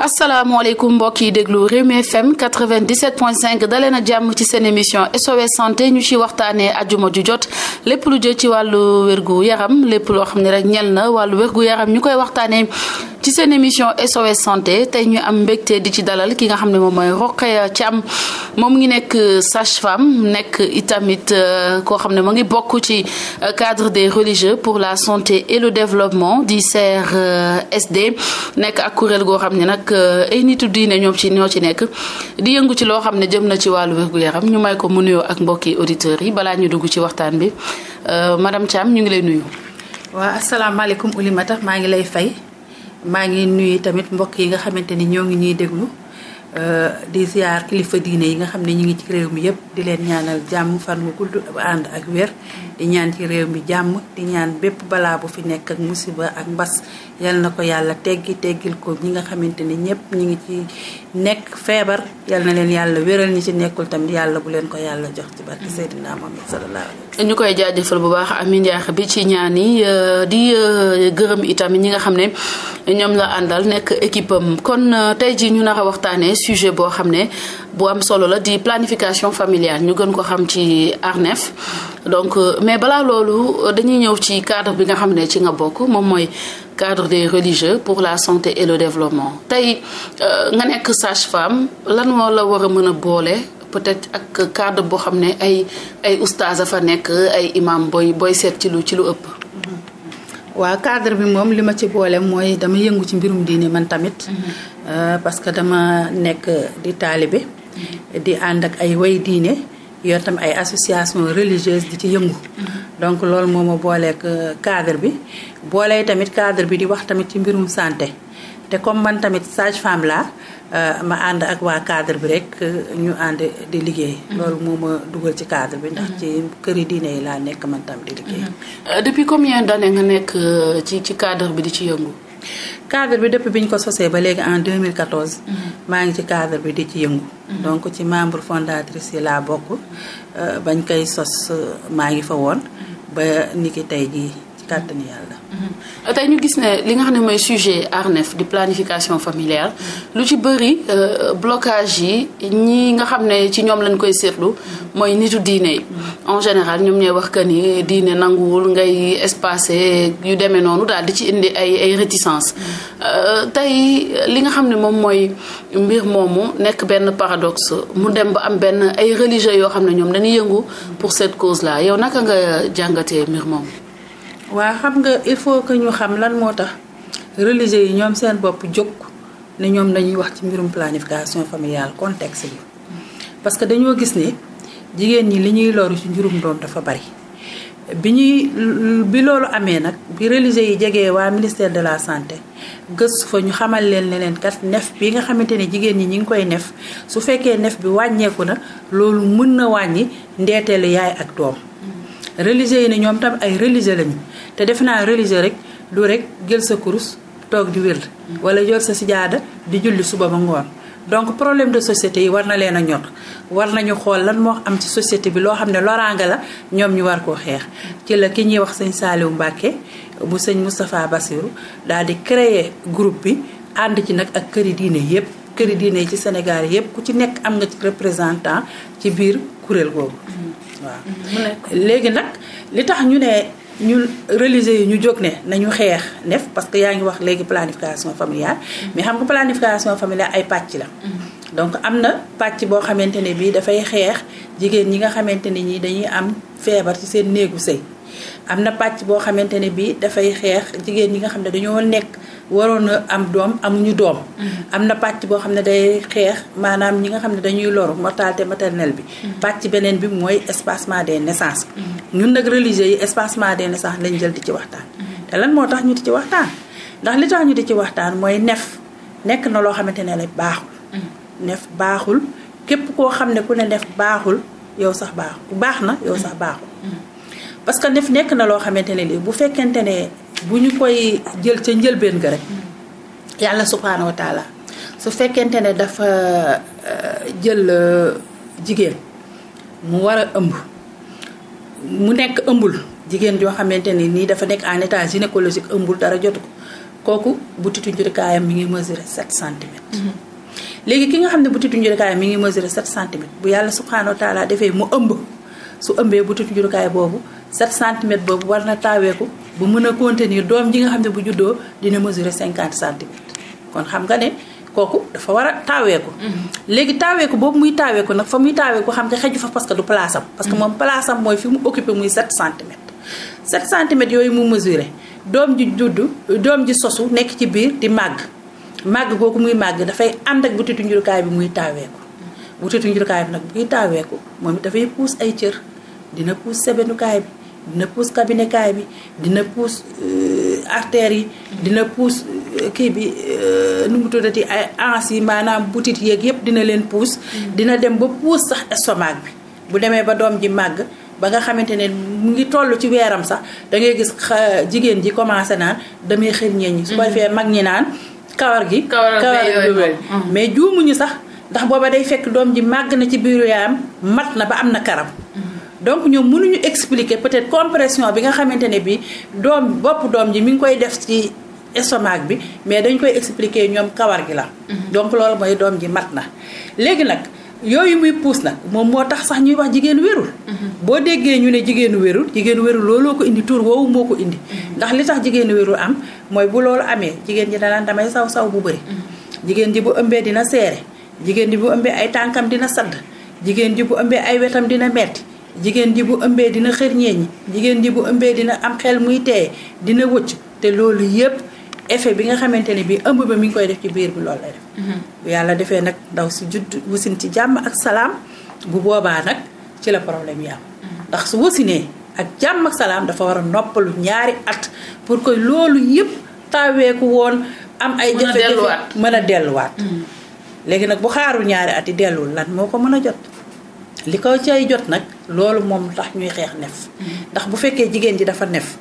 asalaamaaleykum mbokk yi déglu Rewmi FM 97.5 dalee na jàmm ci seen émission SOS santé ñu ci waxtaanee ajuma ju jot lépp lu jël ci wàllu wérgu yaram lépp loo xam ne rek ñal na wàllu wérgu yaram ñu koy waxtaanee. ci seen émission SOS santé tey ñu am mbégte di ci dalal ki nga xam ne moom mooy ci am moom ngi nekk sage-femme nekk itamit euh, koo xam ne mu ngi bokk ci euh, cadre des religieux pour la santé et le développement di sd euh, nekk ak kuréel goo xam ne nag ay nitu diine ñoom ci ñoo ci nekk di yëngu ci loo xam ne jëm na ci wàllu wér yaram ñu may ko mu nuyoo ak mbokki auditeurs yi balaa ñu dugg ci waxtaan bi madame Thiam ñu ngi lay nuyu. waa asalaamaaleykum Oulimata maa ngi lay fay. maa ngi nuyu tamit mbokk yi nga xamante ni ñoo ngi ñuy déglu euh, di ziar kilifa diine yi nga xam ne ñu ngi ci réew mi yëpp di leen ñaanal jàmm fan wu gudd ànd ak wér di ñaan ci réew mi jàmm di ñaan bépp balaa bu fi nekk ak musiba ak mbas yal na ko yàlla teggi teggil ko ñi nga xamante ni ñëpp ñi ngi ci nekk feebar yal na leen yàlla wéral ñi ci nekkul tamit yàlla bu leen ko yàlla jox ci barke Seydina ñu koy jaajëfal bu baax Amy Ndiakh bi ci ñaan yi euh, di euh, gërëm itam ñi nga xam ne ñoom la àndal nekk équipe kon euh, tey ji ñu nar waxtaanee sujet boo xam ne bu am solo la di planification familiale ñu gën ko xam ci ARNEF donc euh, mais balaa loolu euh, dañuy ñëw ci cadre bi nga xam ne ci nga bokk moom mooy cadre des religieux pour la santé et le développement tey euh, nga nekk sage-femme lan moo la war a mën a boole peut-être ak cadre boo xam ne ay ay oustaz a fa nekk ay imam booy booy seet ci lu ci lu ëpp. waaw cadre bi moom li ma ci boole mooy dama yëngu ci mbirum diine man tamit. Mm-hmm. parce que dama nekk di taalibe. di ànd ak ay way diine yor tam ay association religieuse di ci yëngu donc loolu moo ma booleek euh, cadre bi boolee tamit cadre bi di wax tamit ci mbirum santé te comme man tamit sage femme laa euh, ma ànd ak waa cadre bi rek euh, ñu ànd di liggéey. Mhm. loolu moo ma dugal ci cadre bi. ndax mhm. ci këri diine yi laa nekk man tam di liggéey. Mhm. depuis combien d'années nga nekk ci ci cadre bi di ci yëngu. cadre bi dëpp bi ñu ko sosee ba léegi en 2014. maa ngi ci cadre bi di ci yëngu. donc ci membre fondatrice yi laa bokk euh, bañ koy sos euh, maa ngi fa woon ba ki tey jii ci kàttanu yàlla. Euh, tey ñu gis ne li nga xam ne mooy sujet ARNEF di planification familiale lu ci bëri euh, blocage yi ñi nga xam ne ci ñoom lañ koy seetlu mooy nitu diine yi en général ñoom ñooy wax que ni diine nanguwul ngay espacé yu demee noonu daal di ci indi ay ay réticence euh, tey li nga xam ne moom mooy mbir moomu nekk benn paradox mu dem ba am benn ay religieux yoo xam ne ñoom dañuy yëngu pour cette cause là yow naka nga jàngatee mbir moomu waa xam nga il faut que ñu xam lan moo tax religieux yi ñoom seen bopp jóg ne ñoom dañuy wax ci mbirum planification familiale contexte bi parce que dañoo gis ne jigéen ñi li ñuy loru ci njurum doom dafa bari bi ñuy bi loolu amee nag bi religieux yi jege waa ministère de la santé gëstu fa ñu xamal leen ne leen kat nef bi nga xamante ne jigéen ñi ñu ngi koy nef su fekkee nef bi wàññeeku na loolu mën na wàññi ndeeteelu yaay ak doom religieux yi ne ñoom tam ay religieux lañu te defe naa religieux rek du rek jël sa kurus toog di wér wala yor sa sijaada di julli suba ba ngoon donc problème de société yi war na leen a ñor war nañu xool lan moo am ci société bi loo xam ne loraanga la ñoom ñu war koo xeex ci la ki ñuy wax sëñ Saliou Mbacké bu sëñ Moustapha Bassirou daal di créer groupe bi ànd ci nag ak këri diine yépp këri diine yi ci Sénégal yépp ku ci nekk am nga ci représentant ci biir kuréel googu mm-hmm. Mm-hmm. léegi nag li tax ñu ñu religieux yi ñu jóg ne nañu xeex nef parce que yaa ngi wax léegi planification familiale mm-hmm. mais xam nga planification familiale ay pàcc la mm-hmm. donc am na pàcc boo xamante ne bii dafay xeex jigéen ñi nga xamante ne ñi dañuy am feebar ci seen néegu sëy am na pàcc boo xamante ne bii dafay xeex jigéen ñi nga xam ne dañoo nekk waroon a am doom amuñu doom. Mm-hmm. am na pàcc boo xam ne day xeex maanaam ñi nga xam ne dañuy loru mortalité maternelle bi. Mm-hmm. pàcc beneen bi mooy espacement des naissances. Mm-hmm. ñun nag religieux yi espacement des naissances lañ jël di ci waxtaan. te lan moo tax ñu di ci waxtaan ndax li tax ñu di ci waxtaan mooy nef nekk na loo xamante ne la baaxul. nef baaxul képp koo xam ne ku ne nef baaxul yow sax baax baaxul baax na yow sax baaxul. parce que def nekk na loo xamante ne lii bu fekkente ne bu ñu koy jël ca njëlbeen ga rek yàlla subhaanahu wa taala su fekkente ne dafa euh, jël euh, jigéen mu war a ëmb mu nekk ëmbul jigéen joo xamante ne nii dafa nekk en état gynécologique ëmbul dara jotu ko kooku butitu mi ngi mesurer 7 centimètres. Mm-hmm. léegi ki nga xam ne butitu njurikaayam mi ngi mesurer 7 centimètres bu yàlla subhaanahu wa taala defee mu ëmb su ëmbee butitu njurukaay boobu. 7 centimètres boobu war na taaweeku bu mën a contenir doom ji nga xam ne bu juddoo dina mesurer 50 centimètres kon xam nga ne kooku dafa war a taaweeku mm-hmm. léegi taaweeku boobu muy taaweeku nag fa muy taaweeku xam nga xeju fa parce que du place am parce que mm-hmm. moom place mooy fi mu occupé muy 7 centimètres 7 centimètres yooyu mu mesurer doom ji juddu doom ji sosu nekk ci biir di màgg màgg googu muy màgg dafay ànd ak butitu njurukaay bi muy taaweeku mm-hmm. butitu njurukaay bi nag buy taaweeku moom dafay puus ay cër dina puus sebenukaay bi dina puus cabinet kaay bi dina puus euh, artères yi dina puus euh, kii bi euh, nu mu tuddati ay ans yi maanaam butit yeeg yëpp dina leen puus mm. dina dem ba puus sax estomac bi bu demee ba doom ji màgg ba nga xamante ne mu ngi toll ci weeram sax da ngay gis jigéen ji commencé naan damay xër ñeeñ ñi su ko mm. defee mag ñi naan kawar gi kawar gi wér mm. mais juumuñu sax ndax booba day fekk doom ji màgg na ci biiru yaayam mat na ba am na karam donc ñoom mënuñu expliquer peut-être compression bi nga xamante ne bi doom bopp doom ji mi ngi koy def ci estomac bi mais dañ koy expliqué ñoom kawar gi la. Mhm. donc loolu mooy doom ji mat na. léegi nag yooyu muy puus nag moom moo tax sax ñuy wax jigéen wérul. Mhm. boo déggee ñu ne jigéenu wérul jigéen wérul looloo ko indi tur woowu moo ko indi. Mhm. ndax li tax jigéenu wérul am mooy bu loolu amee jigéen ji danaan damay saw saw bu bëri. jigéen ji bu ëmbee dina seere jigéen ji bu ëmbee ay tànkam dina sadd jigéen ji bu ëmbee ay wetam dina metti jigéen ji bu ëmbee dina xër ñeeñi jigéen ji bu ëmbee dina am xel muy teye dina wëcc te loolu yëpp effet bi nga xamante ni bii ëmb ba mi ngi koy def ci biir bi loolu lay def. Mm-hmm. bu yàlla defee nag ndaw si judd wasin ci jàmm ak salaam bu boobaa nag ci la problème yi mm-hmm. ndax su wasinee ak jàmm salaam dafa war a noppalu ñaari at pour que loolu yëpp taaweeku woon. am ay jafe-jafe mën a delluwaat. Mm-hmm. léegi nag bu xaarul ñaari at yi delluwul lan moo ko mën a jot. li ko cay jot nag. loolu moom tax ñuy xeex nef ndax bu fekkee jigéen ji dafa nef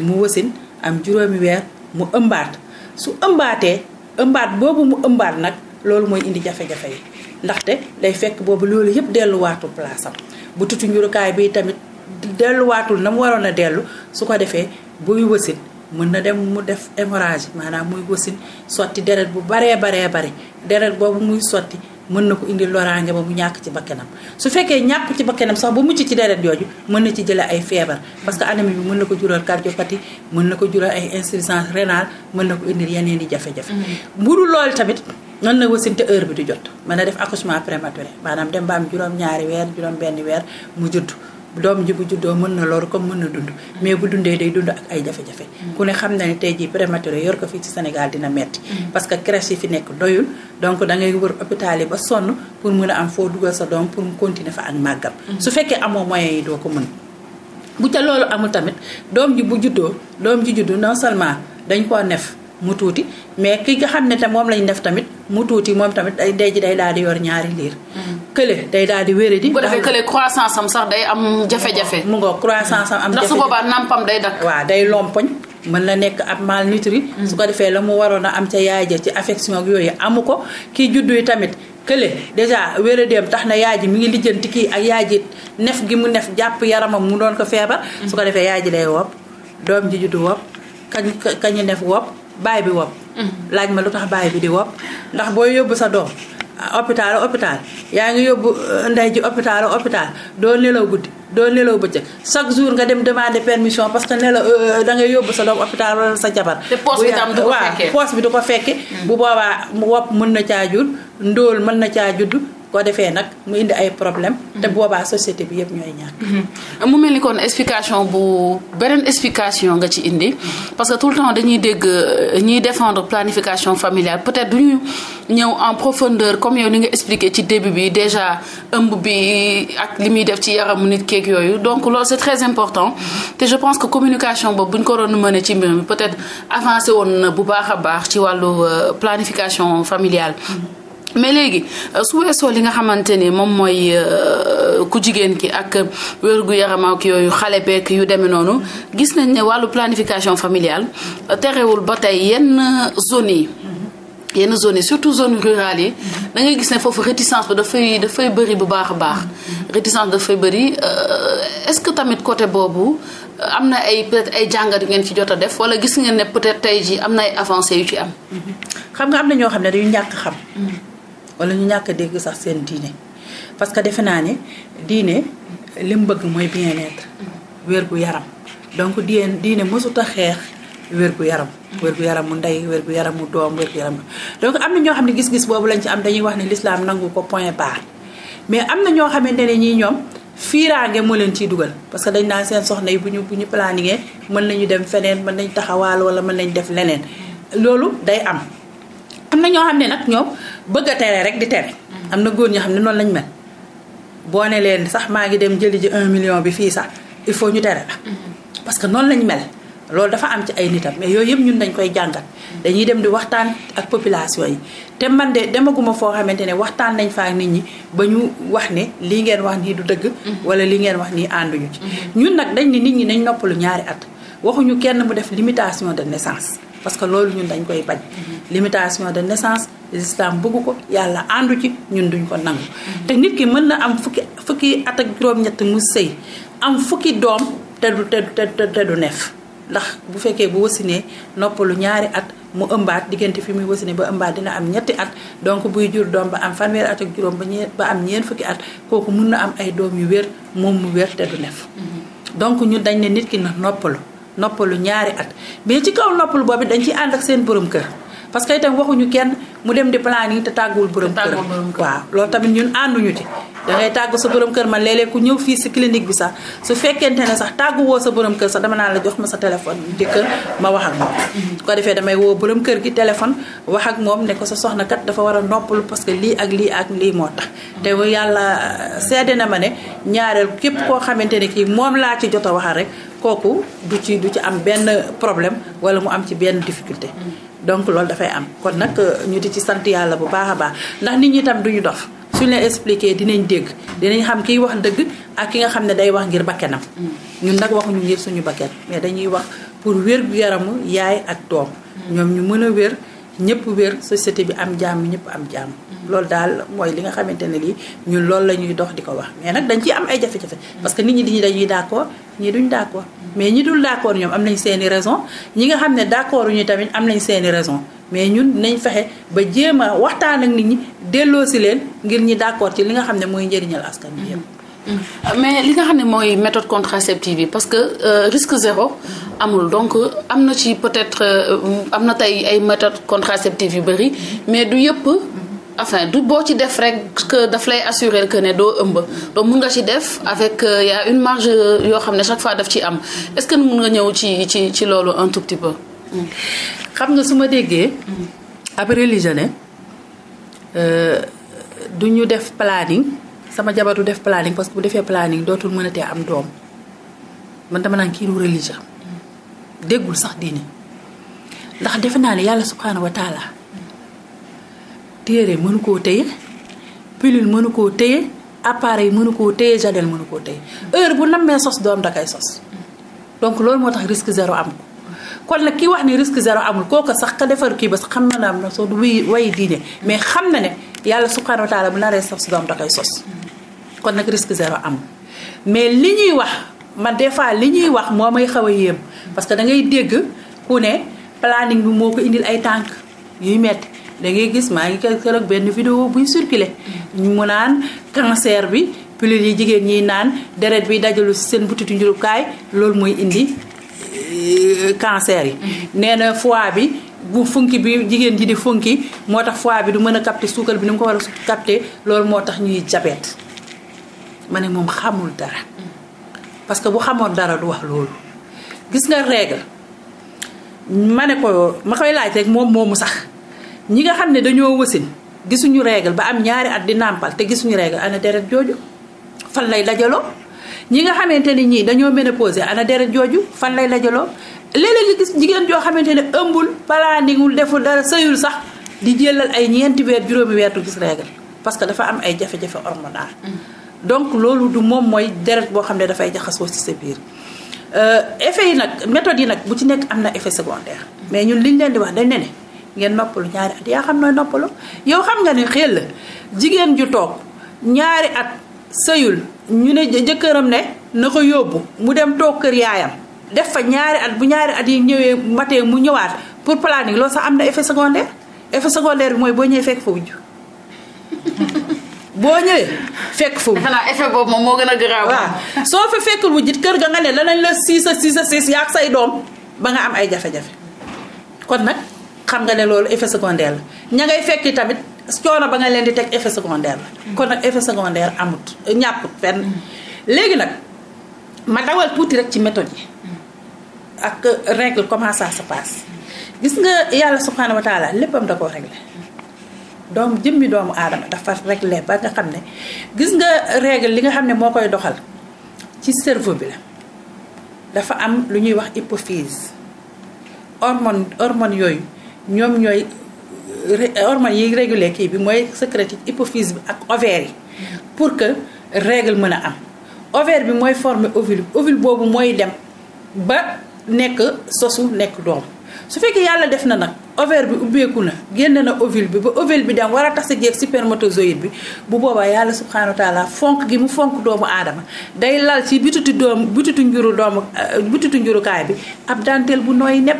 mu wasin am juróomi weer mu ëmbaat su ëmbaatee ëmbaat boobu mu ëmbaat nag loolu mooy indi jafe-jafe yi ndaxte day fekk boobu loolu yëpp delluwaatu place bu tuti njurukaay bii tamit delluwaatul na mu waroon a dellu su ko defee buy wasin mën na dem mu def hémorragie maanaam muy wasin sotti deret bu baree baree bari deret boobu muy sotti mën na ko indi loraange ba bu ñàkk ci bakkanam su fekkee ñàkk ci bakkanam sax ba mucc ci deret yooyu mën na ci jëlee ay feebar parce que anémie bi mën na ko jural cardiopathie mën na ko jural ay insuffisance rénale mën na ko indil yeneen i jafe-jafe mburu mm-hmm. loolu tamit nan na wasinte heure bi du jot mën na def accouchement prématuré maanaam dem ba am juróom ñaari weer juróom benn weer mu judd doom ji bu juddoo mën na loru comme mën na dund mais bu dundee day dund ak ay jafe-jafe ku ne xam na ne tey jii prématuré yor ko fii ci Sénégal dina metti mm-hmm. parce que crèche yi fi nekk doyul donc da ngay wër hôpital yi ba sonn pour mun a am foo dugal sa doom pour mu continuer fa ak màggam mm-hmm. su fekkee amoo moyens yi doo ko mën bu ca loolu amul tamit doom ji bu juddoo doom ji juddu non seulement dañ koo nef mu tuuti mais ki nga xam ne te moom lañ def tamit mu tuuti moom tamit day day ji day daal di yor ñaari liir. Hmm. kële day daal di wéré di. bu defee kële croissance am sax day am jafe-jafe. mu ngoog croissance am am jafe-jafe ndax su day dakk. waaw day lompoñ mën na nekk ab malnutri. Hmm. su ko la mu waroon a am ca yaay ja ci affection yooyu amu ko kii juddu yi tamit. kële dèjà wéradéem tax na yaay ji mi ngi lijjanti kii ak yaay ji nef gi mu nef jàpp yaramam mu doon ko feebar. Hmm. su ko defee yaay ji day wopp doom ji juddu wopp kañ kañu nef wopp baay bi wopp mm-hmm. laaj ma lu tax baay bi di wopp ndax booy yóbbu sa doom ah, hôpital hôpital yaa ngi yóbbu uh, ndey ji hôpital hôpital doo nelaw guddi doo nelaw bëccëg chaque jour nga dem demander permission parce que nelaw euh, euh, da ngay yóbbu sa doom hôpital wala sa jabar. te poche bi du ko fekkee mm-hmm. bu boobaa wopp mën na caa jur ndóol mën na caa judd. ko defee nag mu indi ay problème te mm-hmm. boobaa société bi yëpp ñooy ñàkk. Mm-hmm. mu mel ni kon explication bu beneen explication nga ci indi parce que tout le temps dañuy dégg euh, ñiy défendre planification familiale peut du ñu ñëw en profondeur comme yow ni nga expliqué ci début yeeg yooyu donc loolu c'est très important te je pense que communication boobu bu ko doon mëne ci mbir mi peut-être avancé woon na bu baax a baax ci wàllu euh, planification familiale. mais léegi euh, su weesoo li nga xamante ni moom mooy euh, ku jigéen ki ak wérgu yaram ak yooyu xale beek yu demee noonu gis nañ ne wàllu planification familiale terewul ba tey yenn zone yi. yenn zone yi surtout zone rurale yi da ngay gis ne foofu réticence bi dafay dafay bëri bu baax a baax réticence dafay bëri euh, est-ce que tamit côté boobu euh, am na ay peut ay jàngat yu ngeen ci jot a def walla gis ngeen ne peut-être tey jii am na ay avancées yu ci am xam nga am na ñoo xam ne dañu ñàkk xam walla ñu ñàkk dégg sax seen diine parce que defe naa ne diine li mu bëgg mooy bien-être wér gu yaram donc diine diine xeex wérgu yaram wérgu yaram mu ndey gu yaram mu doom wérgu yaram donc am na ñoo xam ne gis-gis boobu lañ ci am dañuy wax ne lislaam nangu ko point barre mais am na ñoo xamante ne ñii ñoom fiiraange moo leen ciy dugal parce que dañ naan seen soxna yi bu ñu bu ñu planifié mën nañu dem feneen mën nañ taxawaal wala mën nañ def leneen loolu day am am na ñoo xam ne nag ñoom bëgg a tere rek di tere am na góor ñoo xam ne noonu lañ mel boo ne leen sax maa ngi dem jëli ji un million bi fii sax il faut ñu tere la mm-hmm. parce que noonu lañ mel loolu dafa am ci ay nitam mais yooyu yëpp ñun dañ koy jàngat dañuy dem di waxtaan ak population yi te man de demaguma foo xamante ne waxtaan nañ fa ak nit ñi ba ñu wax ni lii ngeen wax nii du dëgg mm-hmm. wala lii ngeen wax nii ànduñu ci mm-hmm. ñun nag dañ ni nit ñi nañ noppalu ñaari at waxuñu kenn mu def limitation de naissance parce que loolu ñun dañ koy bañ mm-hmm. limitation de naissance l'islam bëgg ko yàlla àndu ci ñun duñ ko nangu te nit ki mën na am fukki fukki at ak juróom-ñett am fukki doom te du du te ndax bu fekkee bu wasinee noppalu ñaari at mu ëmbaat diggante fi muy wasine ba ëmbaat dina am ñetti at donc buy jur doom ba am fanweeri at ak juróom ba ñeen ba am ñeent fukki at kooku mun na am ay doom yu wér moom mu wér te du nef mhm. donc ñu dañ ne nit ki na noppalu noppalu ñaari at mais ci kaw noppalu boobu dañ ci ànd ak seen borom kër parce que itam waxuñu kenn mu dem di planning te tàgguwul borom kër waaw loolu tamit ñun ànduñu ci da tàggu sa borom kër man lee léeg ku ñëw fii si clinique bi sax su fekkente ne sax tàggu sa borom kër sax dama naan la jox ma sa téléphone jëkkër ma wax ak moom su ko defee damay woo borom kër gi téléphone wax ak moom ne ko sa soxna kat dafa war a noppalu parce que lii ak lii ak lii moo tax te yàlla euh, seede na ma ne ñaareel képp koo xamante ne kii moom laa ci jot a waxal rek kooku du ci du ci am benn problème wala mu am ci benn difficulté donc loolu dafay am kon nag euh, ñu di ci sant yàlla bu baax a baax ndax nit ñi tam duñu dox suñ leen expliqué dinañ dégg dinañ xam kiy wax dëgg ak ki nga xam ne day wax ngir bakkenam mm. ñun nag waxuñu ngir suñu bakken mais dañuy wax pour wér gu yaramu yaay ak toom mm. ñoom ñu mën a wér ñëpp wér société bi am jàmm ñëpp am jàmm. loolu daal mooy li nga xamante ne lii ñun loolu la ñuy dox di ko wax mais nag dañ ci am ay jafe-jafe. parce que nit ñi dañuy dañuy d' accord ñii duñ d' mais ñi dul d' ñoom am nañ seeni raison ñi nga xam ne d' accord ñu tamit am nañ seeni raison mais ñun nañ fexe ba jéem a waxtaan ak nit ñi delloo si leen ngir ñi d' accord ci li nga xam ne mooy njëriñal askan bi yëpp. Euh, mais li nga xam ne mooy méthode contraceptive yi parce que euh, risque zéro amul donc am na ci peut-être euh, am na tey ay méthode contraceptive yu bëri mais du yëpp enfin du boo ci def rek daf lay assurer que ne doo ëmb donc mun nga ci def avec euh, une marge yoo xam ne chaque fois daf ci am est-ce que mun nga ñëw ci ci ci loolu un tout petit xam nga su ma déggee. Mm. après li euh, du ñu def planning. sama jabar du def planning parce que bu defee planning dootul mënatee am doom man dama naan kii du religieux déggul sax diine ndax defe naa ne yàlla subhaanahu wa taala téere mënu koo téye pilule mënu koo téye appareil mënu koo téye jadel mënu koo téye heure bu nammee sos doom da koy sos donc loolu moo tax risque zéro am kon nag ki wax ni risque zéro amul kooku sax ka defar kii ba sax xam na ne am soo du way diine mais xam na ne. yàlla subhanahu wa taala bu naree sax su doom da koy sos kon nag risque zéro am mais li ñuy wax ma des fois li ñuy wax moo may xaw a yéem parce que da ngay dégg ku ne planning bi moo ko indil ay tànk yuy metti da ngay gis maa ngi keroog benn vidéo buy circulé mu naan cancer bi pilule yi jigéen ñiy naan deret bi dajalu seen butitu njurukaay loolu mooy indi euh, cancer yi mm-hmm. nee na bi bu funki bi jigéen ji di funki moo tax fois bi du mën a capter suukar bi ni mu ko war a capter loolu moo tax ñuy diabète ma ne moom xamul dara parce que bu xamoon dara du wax loolu gis nga règle ma ne ko ma koy laaj rek moom moomu sax ñi nga xam ne dañoo wasin gisuñu règle ba am ñaari at di nàmpal te gisuñu règle ana deret jooju fan lay dajaloo ñi nga xamante ni ñii dañoo ménopausé ana deret jooju fan lay dajaloo léeg-léeg gis jigéen joo xamante ne ëmbul palaaningul deful dara sëyul sax di jëlal ay ñeenti weer juróomi weer gis règle parce que dafa am ay jafe-jafe hormonal mm. donc loolu du moom mooy deret boo xam ne dafay jaxasoo ci sa biir euh, effet yi nag méthode yi nag bu ci nekk am na effet secondaire mais ñun liñ leen di wax dañ ne ne ngeen noppalu ñaari at yaa xam nooy noppalu yow xam nga ne xël la jigéen ju toog ñaari at sëyul ñu ne jëkkëram ne na ko yóbbu mu dem toog kër yaayam def fa ñaari at bu ñaari at yi ñëwee matee mu ñëwaat pour planning loolu sax am na effet secondaire effet secondaire bi mooy boo ñëwee fekk fa wujj boo ñëwee fekk fa wujj. xanaa moom moo gën a garaaw. waaw soo fa fekkul wujj kër ga nga ne danañ la siis a siis a siis yaa say doom ba nga am ay jafe-jafe kon nag xam nga ne loolu effet secondaire la ña ngay fekki tamit coono ba nga leen di teg effet secondaire la. kon nag effet secondaire amut ñàpput fenn mm. léegi nag ma dawal tuuti rek ci méthode yi. ak règle comment ça se passe gis nga yàlla subhaanahu wa taala léppam da koo réglé doomu jëmmi doomu aadama dafa réglé ba nga xam ne gis nga règle li nga xam ne moo koy doxal ci cerveau bi la dafa am lu ñuy wax hypophyse hormone hormone yooyu ñoom ñooy hormone yi réguler kii bi mooy sécréter hypophyse bi ak ovaire yi pour que règle mën a am ovaire bi mooy former ovule ovule boobu mooy dem ba nekk sosu nekk doom su fekkee yàlla def na nag over bi ubbeeku na génn na ovule bi ba ovule bi dem war a tax tase jeeg spermatozoïde bi bu boobaa yàlla subhaanahu wa taala fonk gi mu fonk doomu aadama day lal ci bitutu doom butitu njuru doom euh, butitu njurukaay bi ab danteel bu nooy nepp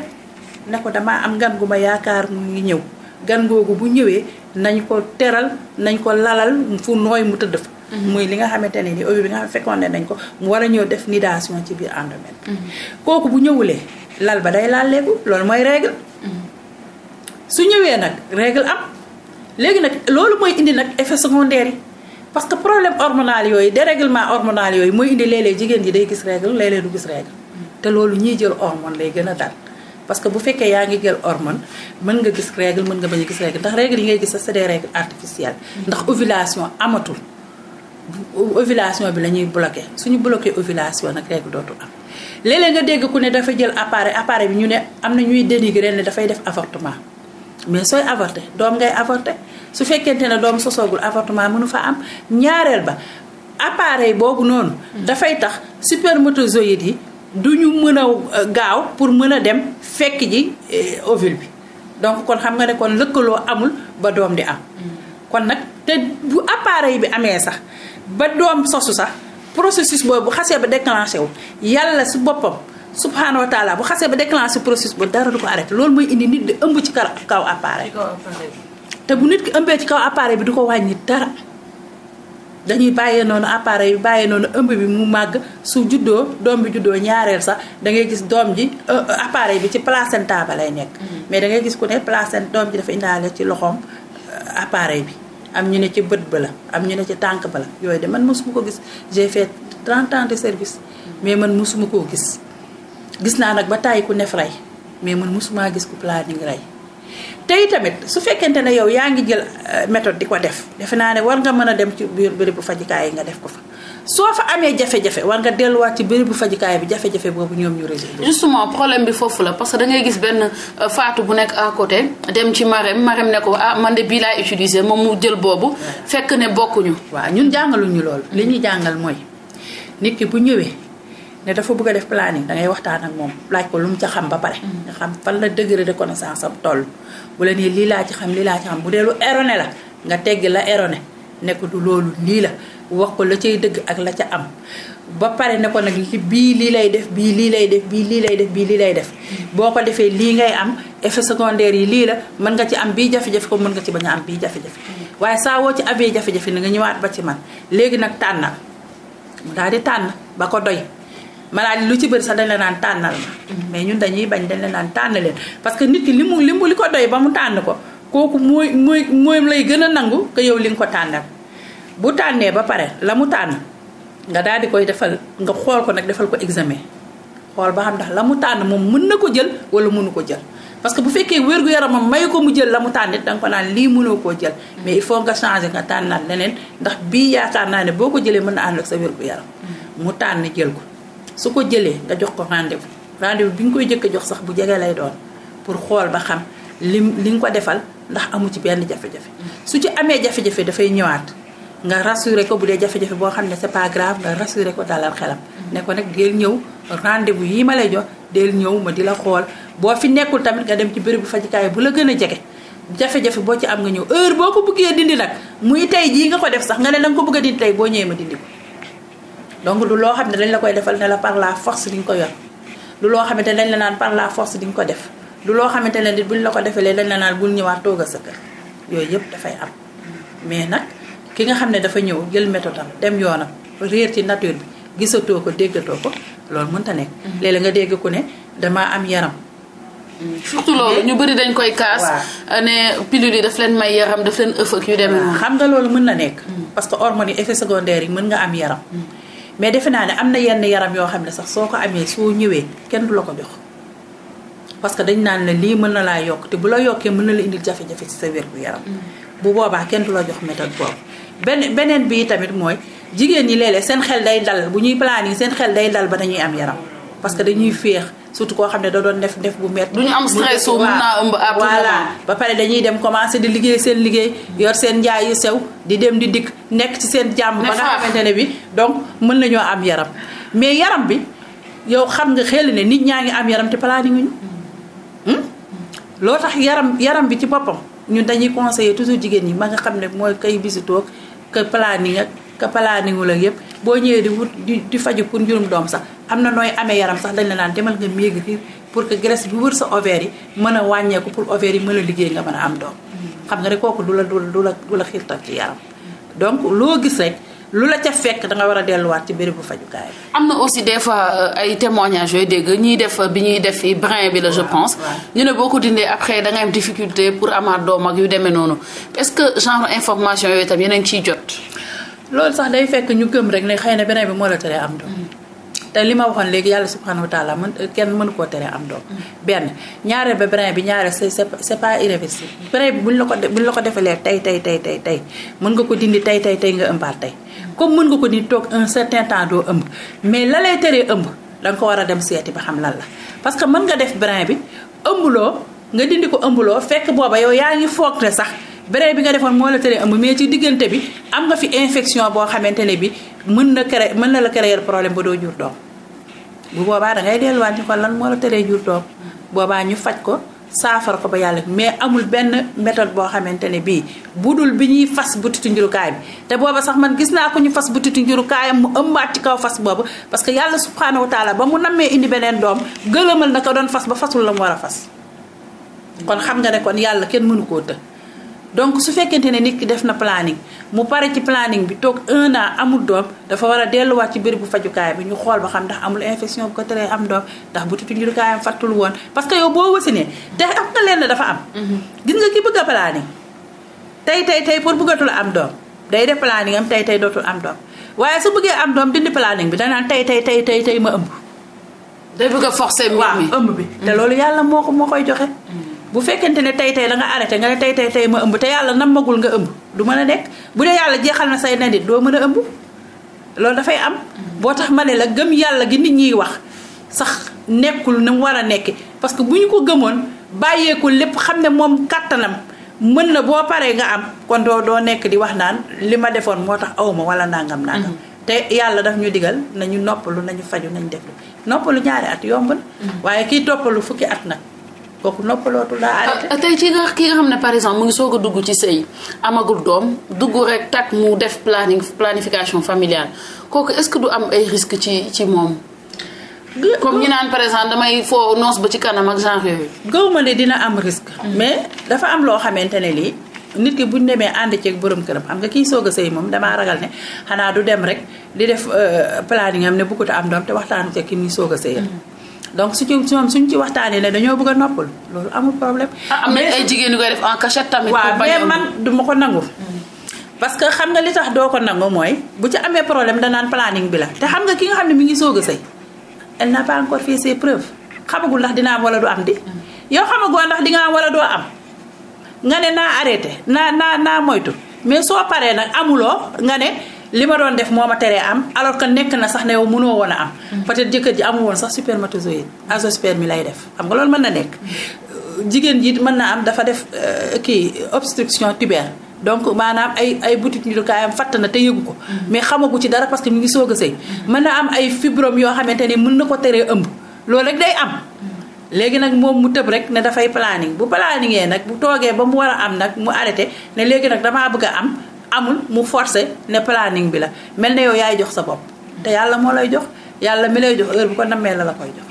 ne ko dama am ngan gu ma yaakaar mu ngi ñëw gan googu bu ñëwee nañ ko teral nañ ko lalal fu nooy mu tëdd fa Mm-hmm. muy li nga xamante ne ni ovu bi nga xam fécondé nañ ko mu war a ñëw def nidation ci biir endomètre mm-hmm. kooku bu ñëwulee lal ba day laal laalleeku loolu mooy règle mm-hmm. su ñëwee nag règle am léegi nag loolu mooy indi nag effet secondaire yi parce que problème hormonal yooyu dérèglement hormonal yooyu mooy indi léeg jigéen ji day gis règle léeg-léeg du gis règle te loolu ñiy jël hormone lay gën a dal parce que bu fekkee yaa ngi jël hormone mën nga gis règle mën nga bañ a gis règle ndax yi ngay gis sax c'est des règles ndax ovulation amatul ovulation bi la ñuy bloqué suñu bloqué ovulation nag règle dootu am léeg-léeg nga dégg ku ne dafa jël appareil appareil bi ñu ne am na ñuy dénigrer ne dafay def avortement mais sooy avorté doom ngay avorté su fekkente ne doom sosoogul avortement mënu fa am ñaareel ba appareil boobu noonu. dafay tax spermatozoïdes yi du ñu mën a euh, gaaw pour mën a dem fekk ji euh, ovule bi donc kon xam nga ne kon lëkkaloo amul ba doom di am. Mm. kon nag te bu appareil bi amee sax. ba doom sosu sax processus boobu bu xasee ba déclenché wu yàlla su boppam subhaanahu wa taala bu xasee ba déclenché processus boobu dara du ko arrêté loolu mooy indi nit di ëmb ci kaw kaw appareil te bu nit ki ëmbee ci kaw appareil bi du ko wàññi dara dañuy bàyyee noonu appareil bi bàyyee noonu ëmb bi mu màgg su juddoo doom bi juddoo ñaareel sax dangay gis doom ji euh, euh, appareil bi ci placenta ba lay nekk mm-hmm. mais dangay gis ku ne placenta doom ji dafa indaale ci loxoom euh, appareil bi am ñu ne ci bët ba la am ñu ne ci tànk ba la yooyu de man mosuma ko gis j'ai fait 30 ans de service mais man mosuma koo gis gis naa nag ba tàyyi ku nef rey mais man mosumaa gis ku planning rey tey tamit su fekkente ne yow yaa ngi jël euh, méthode di ko def defe naa ne war nga mën a dem ci biir bu fajukaay yi nga def ko fa soo fa amee jafe-jafe war nga delluwaat ci bu fajukaay bi jafe-jafe boobu ñoom ñu résoudre. justement problème bi foofu la parce que da gis benn euh, faatu bu nekk à côté dem ci marem marem ne ko ah man de bii laay utiliser moom mu jël boobu. fekk ne bokkuñu. waaw ñun jàngaluñu loolu. li ñuy jàngal mooy nit ki bu ñëwee ne dafa bëgg a def planning da ngay waxtaan ak moom laaj ko lu mu ca xam ba pare. Mm. xam fan la degré de connaissance am toll. bu la nee lii laa ci xam lii laa ci bu dee lu la nga tegg la erroné ne loolu lii la. wax ko la cay dëgg ak la ca am ba pare ne ko nag bii lii lay def bii lii lay def bii lii lay def bii lii lay def boo ko defee lii ngay am effet secondaire yi lii la mën nga ci am bii jafe-jafe ko mën nga ci bañ am bii jafe-jafe waaye ci amee jafe na nga ñëwaat ba ci man léegi nag tànnal mu daal di tànn ba ko doy maanaam lu ci bëri sax dañ la naan tànnal mais ñun dañuy bañ dañ la naan tànn leen parce que nit ki li mu li li ko doy ba mu tànn ko kooku mooy mooy mooy lay gën a nangu que yow li nga ko tànnal bu tànnee ba pare la mu tànn nga daal di koy defal nga xool ko nag defal ko examen xool ba xam ndax la mu tànn moom mën na ko jël wala mënu ko jël parce que bu fekkee wérgu yaramam may ko mu jël la mu tànn it danga ko naan lii mënoo koo jël mais il faut nga changer nga tànnaat leneen ndax bii yaakaar naa ne boo ko jëlee mën na ànd ak sa wérgu yaram mm. mu tànn jël ko su ko jëlee nga jox ko rendez-vous rendez bi nga koy jëkk jox sax bu jege lay doon pour xool ba xam lim li nga ko defal ndax amu ci benn jafe mm. su ci amee jafe dafay ñëwaat nga rassuré ko bu dee jafe-jafe boo xam ne sa pas grave nga rassuré ko dalal xelam. ne ko nag del ñëw rendez-vous yii ma lay jox del ñëw ma di la xool boo fi nekkul tamit nga dem ci bérébu fajukaay bu la gën a jege. jafe-jafe boo ci am nga ñëw heure boo ko bëggee dindi nag muy tey jii nga ko def sax nga ne danga ko bëgg a dindi tey boo ñëwee ma dindi ko donc lu loo xam ne dañ la koy defal ne la par la force di nga ko yor lu loo xamante ne dañ la naan par la force di nga ko def du loo xamante ne nit buñ la ko defalee dañ la naan bul ñëwaat a sa kër yooyu yëpp dafay am mais nag. ki nga xam ne dafa ñëw jël méthode am dem yoonam réer ci nature bi gisatoo ko déggatoo ko loolu mënta nekk. Mm-hmm. léeg nga dégg ko ne damaa am yaram. Mm-hmm. surtout loolu mm-hmm. ñu bëri dañ koy kaas. ne pilule yi daf leen may yaram daf leen ëff ak yu dem noonu. xam nga loolu mën na nekk. parce que hormones yi effet secondaire yi mën nga am yaram. mais defe naa ne am na yenn yaram yoo xam ne sax soo ko amee soo ñëwee kenn du la ko jox. parce que dañ naan la lii mën na laa yokk te bu la yokkee mën na la indil jafe ci sa wér gu bu boobaa kenn du la jox méthode boobu. benn beneen bi tamit mooy jigéen ñi léeg seen xel day dal bu ñuy planning seen xel day dal ba dañuy am yaram parce que dañuy féex surtout koo xam ne da doon def def bu métti. du ñu am stress mën naa ëmb à ba pare dañuy dem commencé di liggéey seen liggéey yor seen njaay yu sew di dem di dikk nekk ci seen jàmm. ba nga bi donc mën nañoo am yaram. mais yaram bi yow xam nga xel ne nit ñaa ngi am yaram te planning ñu hmm? loo tax yaram yaram bi ci boppam ñu dañuy conseiller toujours jigéen ñi ba nga xam ne mooy kay bisitoog que planning ak que planningul ak yëpp boo ñëwee di wut di faju pour njurum doom sax am na nooy amee yaram sax dañ la naan demal nga méegi fii pour que graisse bi wër sa ovaire yi mën a wàññeeku pour ovaire yi mën a liggéey nga mën a am doom mm-hmm. xam nga ne kooku du la du la du la xiirtal ci yaram donc loo gis rek lu la ca fekk da war a delluwaat ci bérébu fajukaay bi. am na aussi des fois euh, ay témoignages yooyu dégg ñuy def bi ñuy def fi brin bi la je pense. ñu ne boo ko dindee après da am difficulté pour amaat doom ak yu demee noonu est-ce que genre information yooyu tam yeneen ciy jot. loolu sax day fekk ñu gëm rek ne xëy na beneen bi moo la tere am doom. Mm-hmm. te li ma waxoon léegi yàlla subhanahu wa taala mën kenn mënu koo tere am doom benn ñaaree ba brin bi ñaareel c'est c'est pas irréversible brin bi buñ la ko buñ la tey tey tey tey tey mën nga ko dindi tey tey tey nga ëmbaat tey comme mën nga ko dindi toog un certain temps doo ëmb mais la lay teree ëmb da ko war a dem seeti ba xam lan la parce que mën nga def brin bi ëmbuloo nga dindi ko ëmbuloo fekk booba yow yaa ngi foog ne sax béréb bi nga defoon moo la tëree ëmb mais ci diggante bi am nga fi infection boo xamante ne bi mën na créer mën na la créer problème ba doo jur doom bu boobaa da ngay delluwaat ci ko lan moo la tëree jur doom boobaa ñu faj ko saafara ko ba yàlla mais amul benn méthode boo xamante ne bii budul bi ñuy fas butitu njurukaay bi te booba sax man gis naa ko ñu fas butitu njurukaayam mu ëmbaat ci kaw fas boobu parce que yàlla subhaanahu wa taala ba mu nammee indi beneen doom gëlëmal na ko doon fas ba fasul la mu war a fas kon xam nga ne kon yàlla kenn mënu koo të donc su fekkente ne nit ki def na planning mu pare ci planning bi toog un amul doom dafa war a delluwaat ci bérébu fajukaay bi ñu xool ba xam ndax amul infection bu ko teree am doom ndax butitu njurukaayam fattul woon parce que yow boo wasinee te am nga dafa am mhm. gis nga ki bëgg a planning tey tey tey pour bëggatul am doom day def planning am tey tey dootul am doom waaye su bëggee am doom dindi planning bi danaan tey tey tey tey tey ma ëmb day bëgg a forcer am ëmb bi te loolu yàlla moo ko moo koy joxe mhm. bu fekkente ne tey tey la nga arrêté nga ne tey tey tey ma ëmb te yàlla nammagul nga ëmb du mën a nekk bu dee yàlla jeexal na say nit doo mën a ëmb loolu dafay am boo tax ma ne la gëm yàlla gi nit ñiy wax sax nekkul na mu war a nekk parce que bu ñu ko gëmoon bàyyeekul lépp xam ne moom kàttanam mën na boo paree nga am kon doo doo nekk di wax naan li ma defoon moo tax awma wala ndàngam nangam mm-hmm. te yàlla daf ñu digal nañu noppalu nañu faju nañu def noppalu ñaari at yomb mm-hmm. fukki at nag kooku noppalootu laa ah, arrêté. tey ci nga ki nga xam ne par exemple mu ngi soog a dugg ci sëy amagul doom dugg rek tak mu def planning planification familiale kooku est-ce que du am ay risque ci ci moom. comme ñu naan par exemple damay foo noos ba ci kanam ak genre yooyu. gaw ma ne dina am risque. Mm-hmm. mais dafa am loo xamante ne lii. nit ki bu ñu demee ànd ceeg borom këram am nga kiy soog a sëy moom damaa ragal ne xanaa du dem rek di def euh, planning am ne bëggut am doom te waxtaanu ceeg ki muy soog a sëy mm-hmm. donc su ci moom suñ ci waxtaanee ne dañoo bëgg a noppal loolu amul problème. Ah, am na ay jigéen yu koy def en cachette tamit. waaw mais man du ma ko nangu. Mm. parce que xam nga li tax doo ko nangu mooy bu ci amee problème da danaan planning bi la te xam nga ki nga xam ne mi ngi soog a sëy elle n'a pas encore fait ses preuves xamagul ndax dina am wala du am di. Mm. yow xamagoo ndax di nga am wala doo am nga ne naa arrêté naa naa naa moytu mais soo paree nag amuloo nga ne. li ma doon def moo ma teree am alors que nekk na sax ne yow mënoo woon a am. Mm-hmm. peut-être jëkkër ji amu woon sax spermatozoïde azoospermie lay def xam nga loolu mën na nekk. jigéen ji mën na am dafa def euh, kii obstruction tubaire donc maanaam ay ay butit ñu kaayam fatt na te yëgu ko. Mm-hmm. mais xamagu ci dara parce que mu ngi soog a sëy. Mm-hmm. mën na am ay fibro yoo xamante ne mën na ko teree ëmb loolu rek day am. léegi nag moom mu tëb rek ne dafay planning bu planningee nag bu toogee ba mu war a am nag mu arrêté ne léegi nag damaa bëgg a am. amul mu forcé ne planning bi la mel na yow yaay jox sa bopp te yàlla moo lay jox yàlla mi lay jox heure bu ko nammee la la koy jox.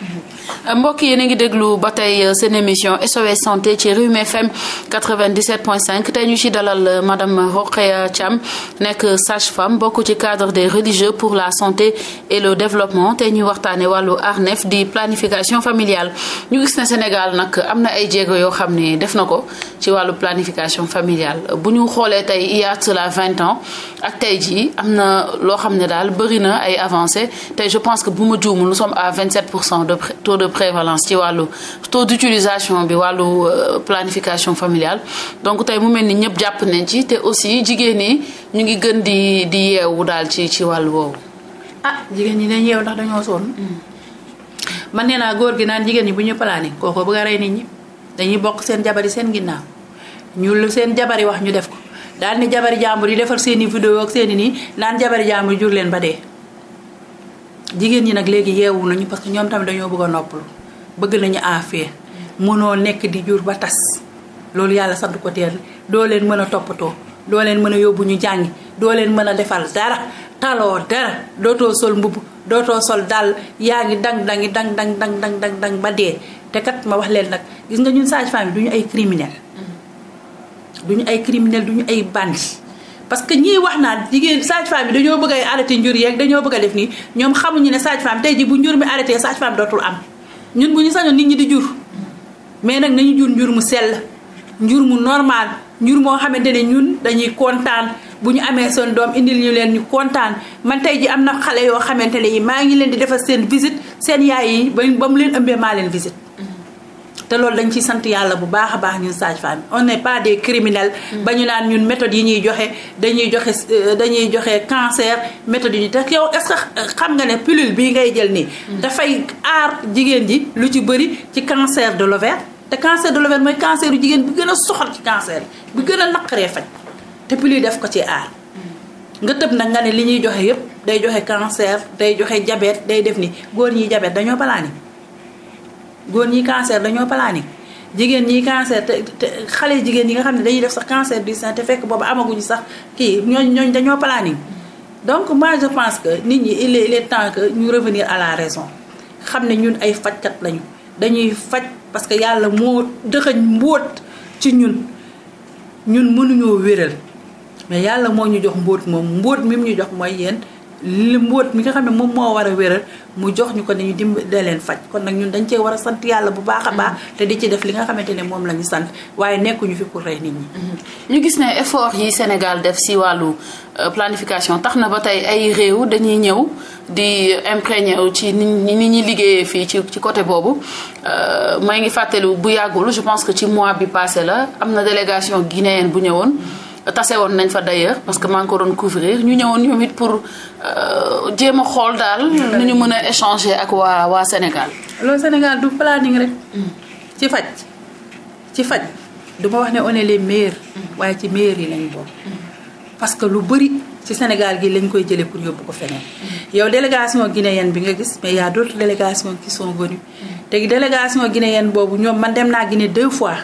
Euh, mbokk yéen a ngi déglu ba tey euh, seen émission SOS santé ci Rewmi FM 97.5 tey ñu ci dalal euh, madame Rokhaya Thiam nekk sage-femme bokk ci cadre de religieux pour la santé et le développement tey ñuy waxtaanee wàllu ARNEF di planification familiale ñu gis ne Sénégal nag am na ay jéego yoo xam ne def na ko ci wàllu planification familiale bu ñu xoolee tey il y a cela 20 ans ak tey jii am na loo xam ne daal bëri na ay avancées tey je pense que bu ma juumul nous sommes à cent de taux de prévalence ci wàllu taux d'utilisation bi wàllu euh, planification familiale donc tey mu mel ni ñëpp jàpp nañ ci te aussi jigéen ñi ñu ngi gën di di yeewu daal ci ci wàllu woowu. ah jigéen ñi dañ yeewu ndax dañoo sonn. Mm. man nee naa góor gi naan jigéen ñi bu ñu plané kooko bëgg a rey nit ñi dañuy bokk seen jabari seen ginnaaw ñu lu seen jabari wax ñu def ko daal ni jabari jàmbur yi defal seen i vidéo seen nii naan jabari jàmbur jur leen ba dee. jigéen ñi nag léegi yeewu nañu parce que ñoom tamit dañoo bëgg a noppalu bëgg nañu aafee mënoo nekk di jur ba tas loolu yàlla sant ko teel doo leen mën a toppatoo doo leen mën a yóbbu ñu jàngi doo leen mën a defal dara taloo dara dootoo sol mbubb dootoo sol dal yaa ngi dang dangi dang dang dang dang dang dang ba dee te kat ma wax leen nag gis nga ñun sage-femme yi du ñu ay criminel mm-hmm. du ñu ay criminel du ñu ay bandi parce que ñii wax naan jigéen sage-femme bi dañoo bëgg a njur yeeg dañoo bëgga def nii ñoom xamuñu ne sage-femme tey ji bu njur mi arrêté sage-femme dootul am ñun bu ñu sañoon nit ñi di jur mais nag nañu jur njur mu sell njur mu normal njur moo xamante ne ñun dañuy kontaan bu ñu amee seen doom indil ñu leen ñu kontaan man tey ji am na xale yoo xamante ne yi maa ngi leen di defal seen visit seen yaay yi ba mu leen ëmbee maa leen visite te loolu dañ ciy sant yàlla bu baax a baax ñun sage-femme on n'est pas des criminels. Mm. ba ñu naan ñun méthodes yi ñuy joxe dañuy joxe euh, dañuy joxe cancer méthodes yi ñuy te yow est-ce que euh, xam nga ne pilule bii ngay jël nii. Mm. dafay aar jigéen ji lu ci bëri ci cancer de l'ovaire te cancer de l'ovaire mooy cancer jigéen bi gën a soxal ci cancer bi gën a naqaree faj te pilule def ko ci aar. Mm. nga tëb nag nga ne li ñuy joxe yépp day joxe cancer day joxe diabète day def ni góor ñi diabète dañoo balaa ni góor ñi cancer dañoo planique jigéen ñi cancer te te xale jigéen yi nga xam ne dañuy def sa cancer du sein te fekk boobu amaguñu sax kii ñooñ ñooñ dañoo planique donc moi je pense que nit ñi il est il que ñu revenir à la raison xam ne ñun ay fajkat lañu dañuy faj parce que yàlla moo dëxëñ mbóot ci ñun ñun mënuñoo wéral mais yàlla moo ñu jox mbóot moom mbóot mi mu ñu jox mooy yéen li mbóot mi nga xam ne moom moo war a wéral mu jox ñu ko ni ñu dimbale leen faj kon nag ñun dañ cee war a sant yàlla bu baax a baax mm-hmm. te di ci def li nga xamante ne moom la ñu sant waaye nekkuñu fi pour rey nit ñi. Mm-hmm. ñu gis ne effort yi Sénégal def si wàllu euh, planification tax na ba tey ay réew dañuy ñëw di imprégné wu nit ñi ni ñuy liggéeyee fii ci ci côté boobu euh, may ngi fàttali bu yàggul je pense que ci mois bi passé la am na délégation guinéenne bu ñëwoon. tase woon nañ fa d'ailleurs parce que maa ko doon couvrir ñu ñëwoon ñoom it pour euh, jéem a xool daal. nu mën a échanger ak waa waa Sénégal. loolu Sénégal du planning rek. Mm. ci faj ci faj du wax ne on est les mm. waaye ci meilleurs yi lañ bokk. Mm. parce que lu bëri ci Sénégal gi lañ koy jëlee pour yóbbu ko feneen. yow délégation yenn bi nga gis mais y a d'autres délégations qui sont venues. te yenn boobu ñoom man dem naa Guinée deux fois.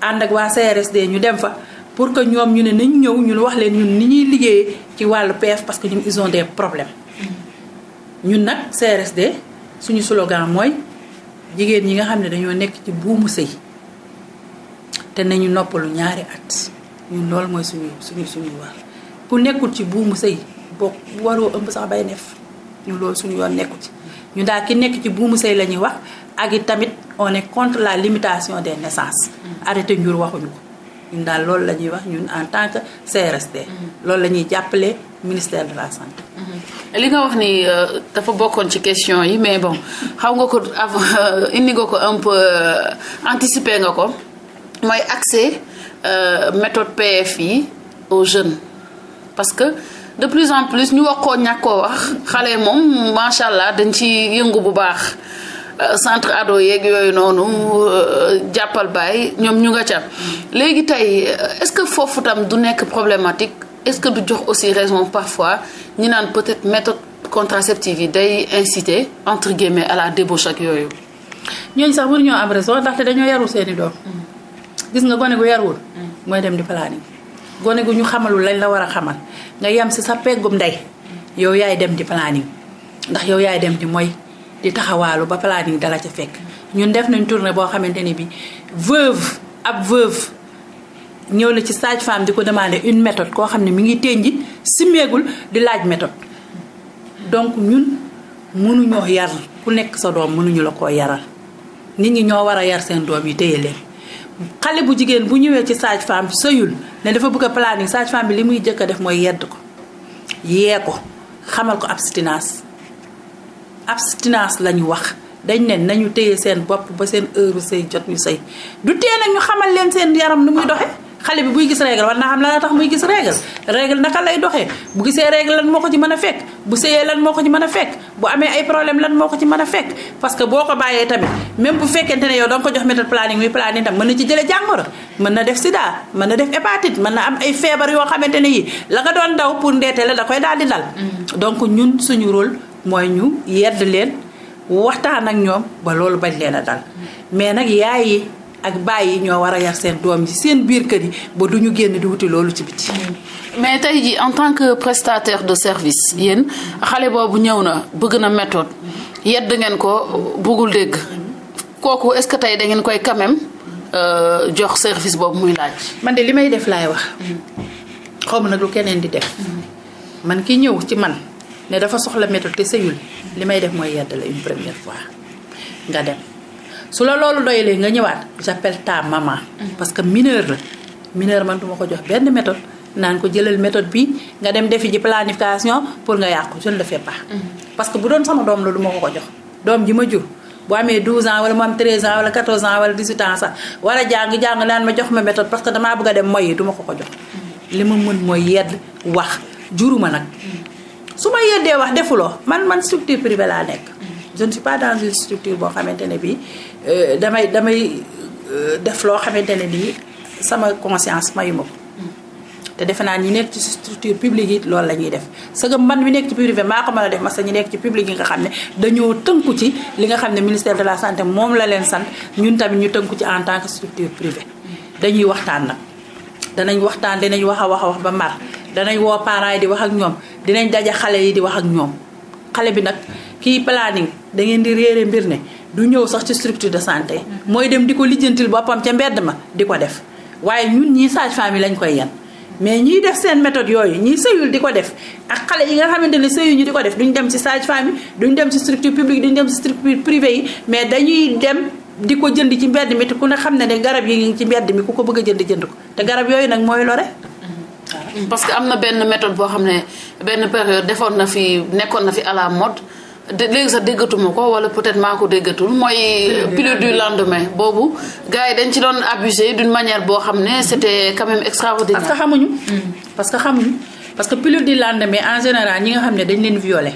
ànd ak waa CRSD ñu dem fa. pour que ñoom ñu ne nañ ñëw ñun wax leen ñun ni ñuy liggéeyee ci wàllu PF parce que ñun ils ont des problème ñun nag CRSD suñu slogan mooy jigéen ñi nga xam ne dañoo nekk ci buumu sëy te nañu noppalu ñaari at ñun loolu mooy suñu suñu suñuy war ku nekkul ci buumu sëy bokk waroo ëmb sax bay nef ñu loolu suñu yoon nekku ci ñu daal ki nekk ci buumu sëy la ñuy wax ak it tamit on est contre la limitation des naissances mm. arrêté njur waxuñu ko ñun daal loolu la ñuy wax ñun en tant que CRSD. Mm-hmm. loolu la ñuy jàppale ministère de la santé. Mm-hmm. li nga wax ni euh, dafa bokkoon ci question yi mais bon xaw nga ko avant euh, indi nga ko un peu euh, anticiper nga ko mooy accès méthode PF yi au jeunes parce que. de plus en plus ñu wax koo ñàkk koo wax xale moom macha allah dañ ci yëngu bu baax Euh, centre ado yeeg yooyu noonu euh, jàppal baay ñoom ñu nga ca léegi tey euh, est-ce que foofu tam du nekk problématique est-ce que du jox aussi raison parfois ñu naan peut-être méthode contraceptive yi day inciter entre guillemets à la débauche ak yooyu. ñooñ sax mënuñoo am raison ndaxte dañoo yarul seeni doom. Mm. gis nga gone gu yarul. Mm. mooy dem di planning. gone gu ñu xamalul lañ la war a xamal nga yem si sa peggum ndey mm. yow yaay dem di planning ndax yow yaay dem di mooy. di taxawaalu ba planning dala ca fekk ñun def nañ tournée boo xamante ne bi veuve ab veuve ñëw na ci sage femme di ko demander une méthode koo xam ne mu ngi tënji simmeegul di laaj méthode donc ñun mënuñoo yar ku nekk sa doom mënuñu la koo yaral nit ñi ñoo war a yar seen doom yi téye xale bu jigéen bu ñëwee ci sage femme sëyul ne dafa bugg a planning sage femme bi li muy jëkk a def mooy yedd ko yee ko xamal ko abstinence abstinence la ñu wax dañ ne nañu téye seen bopp ba seen heure sëy jot ñu sëy du tee nag ñu xamal leen seen yaram nu muy doxee xale bi buy gis règle war naa xam a tax muy gis règle règle naka lay doxee bu gisee règle lan moo ko ci mën a fekk bu sëyee lan moo ko ci mën a fekk bu amee ay problème lan moo ko ci mën a fekk parce que boo ko bàyyee tamit même bu fekkente ne yow da ko jox méthode planning muy planning tam mën na ci jële jàngoro mën na def si sida mën na def hépatite mën na am ay feebar yoo xamante ne la nga doon daw pour ndeete da koy daal di dal mm-hmm. donc ñun suñu rôle mooy ñu yedd leen waxtaan ak ñoom ba loolu bañ leen a dal mais nag yaay yi ak baay yi ñoo war a yar seen doom yi seen biir kër yi ba du ñu génn di wuti loolu ci biti. mais tey jii en tant que prestateur de service yéen xale boobu ñëw na bëgg na méthode yedd ngeen ko bëggul dégg kooku est-ce que tey da ngeen koy quand même euh, jox service boobu muy laaj. man de li may def laay wax xaw ma nag lu keneen di def man ki ñëw ci man. ne dafa soxla méthode te sëyul li may def mooy yedd la une première fois nga dem su la loolu doyalee nga ñëwaat j'appelle ta maman. Mm-hmm. parce que mineur la mineur man du ma ko jox benn méthode naan ko jëlal méthode bi nga dem defi ji planification pour nga yàqu je ne le fais pas. Mm-hmm. parce que bu doon sama doom la du ma ko ko jox doom ji ma jur. boo amee 12 ans wala mu am 13 ans wala 14 ans wala 18 ans sax war a jàng naan ma jox ma méthode parce que damaa bëgg a dem mooy yi ma ko ko jox. Mm-hmm. li ma mën mooy yedd wax juruma nag. su ma yéendee wax defuloo man man structure privée laa nekk. je ne suis pas dans structure boo xamante ne bii euh, damay damay euh, def loo xamante ne nii sama conscience mayu ma ko. te defe naa ni nekk ci structure publique yi loolu la ñuy def sa man mi nekk ci privé maa ko mën a def parce que ñi nekk ci publique yi nga xam ne dañoo tënku ci li nga xam ne ministère de la santé moom la leen sant ñun tamit ñu tënku ci en tant que structure privée. dañuy waxtaan nag danañ waxtaan dinañ wax a wax a wax ba mar danañ woo parents yi di wax ak ñoom dinañ daje xale yi di wax ak ñoom xale bi nag kii planning da ngeen di réere mbir ne du ñëw sax ci structure de santé mm-hmm. mooy dem di ko lijjantil boppam ca mbedd ma di ko def waaye ñun ñii sage-femme yi lañ koy yan mais ñiy def seen méthode yooyu ñiy sëyul di ko def ak xale yi nga xamante ne sëyu ñu di ko def duñ dem si sage-femme yi duñ dem ci structure publique duñ dem ci structure privée yi mais dañuy dem di ko jënd ci mbedd mi te ku ne xam ne ne garab yi ngi ci mbedd mi ku ko bëgg a jënd jënd te garab yooyu nag mooy Mmh. parce que am na benn méthode boo xam ne benn période defoon na fi nekkoon na fi à la mode de léegi sax déggatuma ko wala peut-être maa ko déggatul mooy pilule du lendemain boobu gars yi dañ ci doon abusé d'une manière boo xam ne c'était quand même extraordinaire. parce que xamuñu. Mmh. parce que xamuñu parce que pilule du lendemain en général ñi nga xam ne dañ leen violé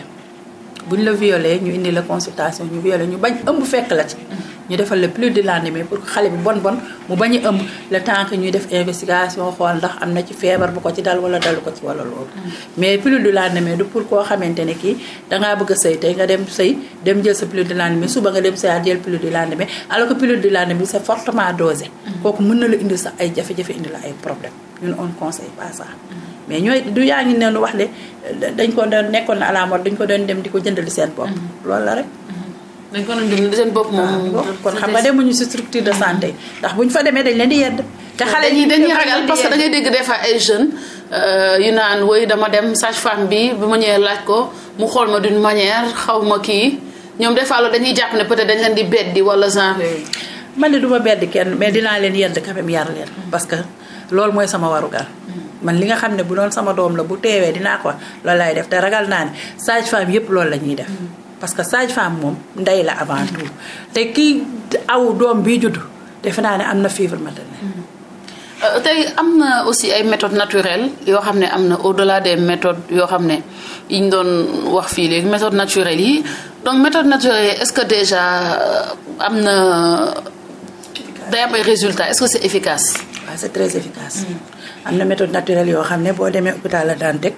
buñ la violé ñu indi la consultation ñu violé ñu bañ ëmb fekk la ci. Mmh. ñu defal la plus de lendemain pour que xale bi bon bon mu bañ a ëmb le ñuy def investigation xool ndax am na ci feebar bu ko ci dal wala dalu ko ci wala loolu. Mm. mais plus de lendemain du pour koo xamante ne kii dangaa bëgg a sëy tey nga dem sëy dem jël sa plus de lendemain suba nga dem sëyaat jël plus de lendemain alors que plus de lendemain c'est fortement dosé. Mm. kooku mën na la indil sax ay jafe-jafe indi problème ñun on conseille pas ça. Mm. mais ñooy du ñu ngi neenu wax de dañ ko doon nekkoon na à la mode dañ ko doon dem di ko jëndali seen bopp. loolu la rek. dañ ko doon dund seen bopp moom. Ah, kon xam nga demuñu si structure de santé ndax buñ fa demee dañ leen di yedd. te xale ñi dañuy ragal parce que da ngay dégg des fois ay jeunes euh, yu naan woy dama dem sage-femme bi bu ma ñëwee laaj ko mu xool ma d'une manière xaw ma kii ñoom des fois loolu dañuy jàpp ne peut dañ leen di beddi wala genre. man ne du ma bedd kenn mais dinaa leen yedd quand même yar leen parce que loolu mooy sama warugar. man li nga xam ne bu doon sama doom la bu teewee dinaa ko loolu laay def te ragal naa ne sage yëpp loolu la ñuy def. parce que sage femme moom nday la avant tout te kii aw doom bii juddu defe naa ne am na fibre maternelle. Euh, tey am na aussi ay méthodes naturelles yoo xam ne am na au delà des méthodes yoo xam ne yi ñu doon wax fii léegi méthodes naturelles yi donc méthode naturelle yi est-ce que déjà euh, am na day am ay résultat est-ce que c'est efficace. am na méthode naturelle yoo xam ne boo demee hôpital la daan teg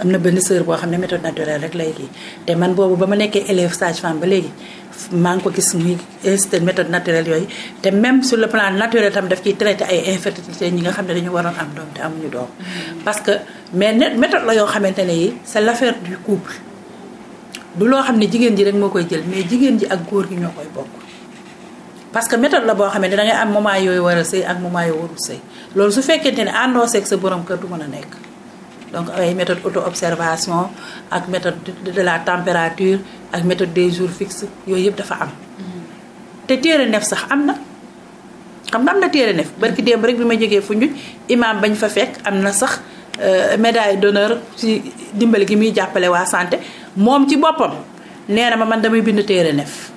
am na benn sœur boo xam ne méthode naturelle rek lay kii te man boobu ba ma nekkee élève sage femme ba léegi maa ngi ko gis muy insisté métode naturelle yooyu te même sur le plan naturel tam def ciy traité ay infertilité ñi nga xam ne dañu waroon am doom te amuñu doom. parce que mais méthode la yoo xamante ne yi c'est l'affaire du couple du loo xam ne jigéen ji rek moo koy jël mais jigéen ji ak góor gi ñoo koy bokk. parce que méthode la boo xamante ne da am moment yooyu war a sëy ak moment yooyu warul sëy loolu su fekkente ne àndoo seeg sa borom kër du mën a nekk. donc ay méthode auto-observation ak méthode de la température ak méthode des jours fixes yooyu yëpp dafa am. Mm-hmm. te téere neef sax am na xam nga am na téere neef barki démb rek bi ma jógee fu ñu imaam bañ fa fekk am na sax euh, médaille d'honneur ci dimbali gi muy jàppale waa sante moom ci boppam nee ma man damay bind téere neef.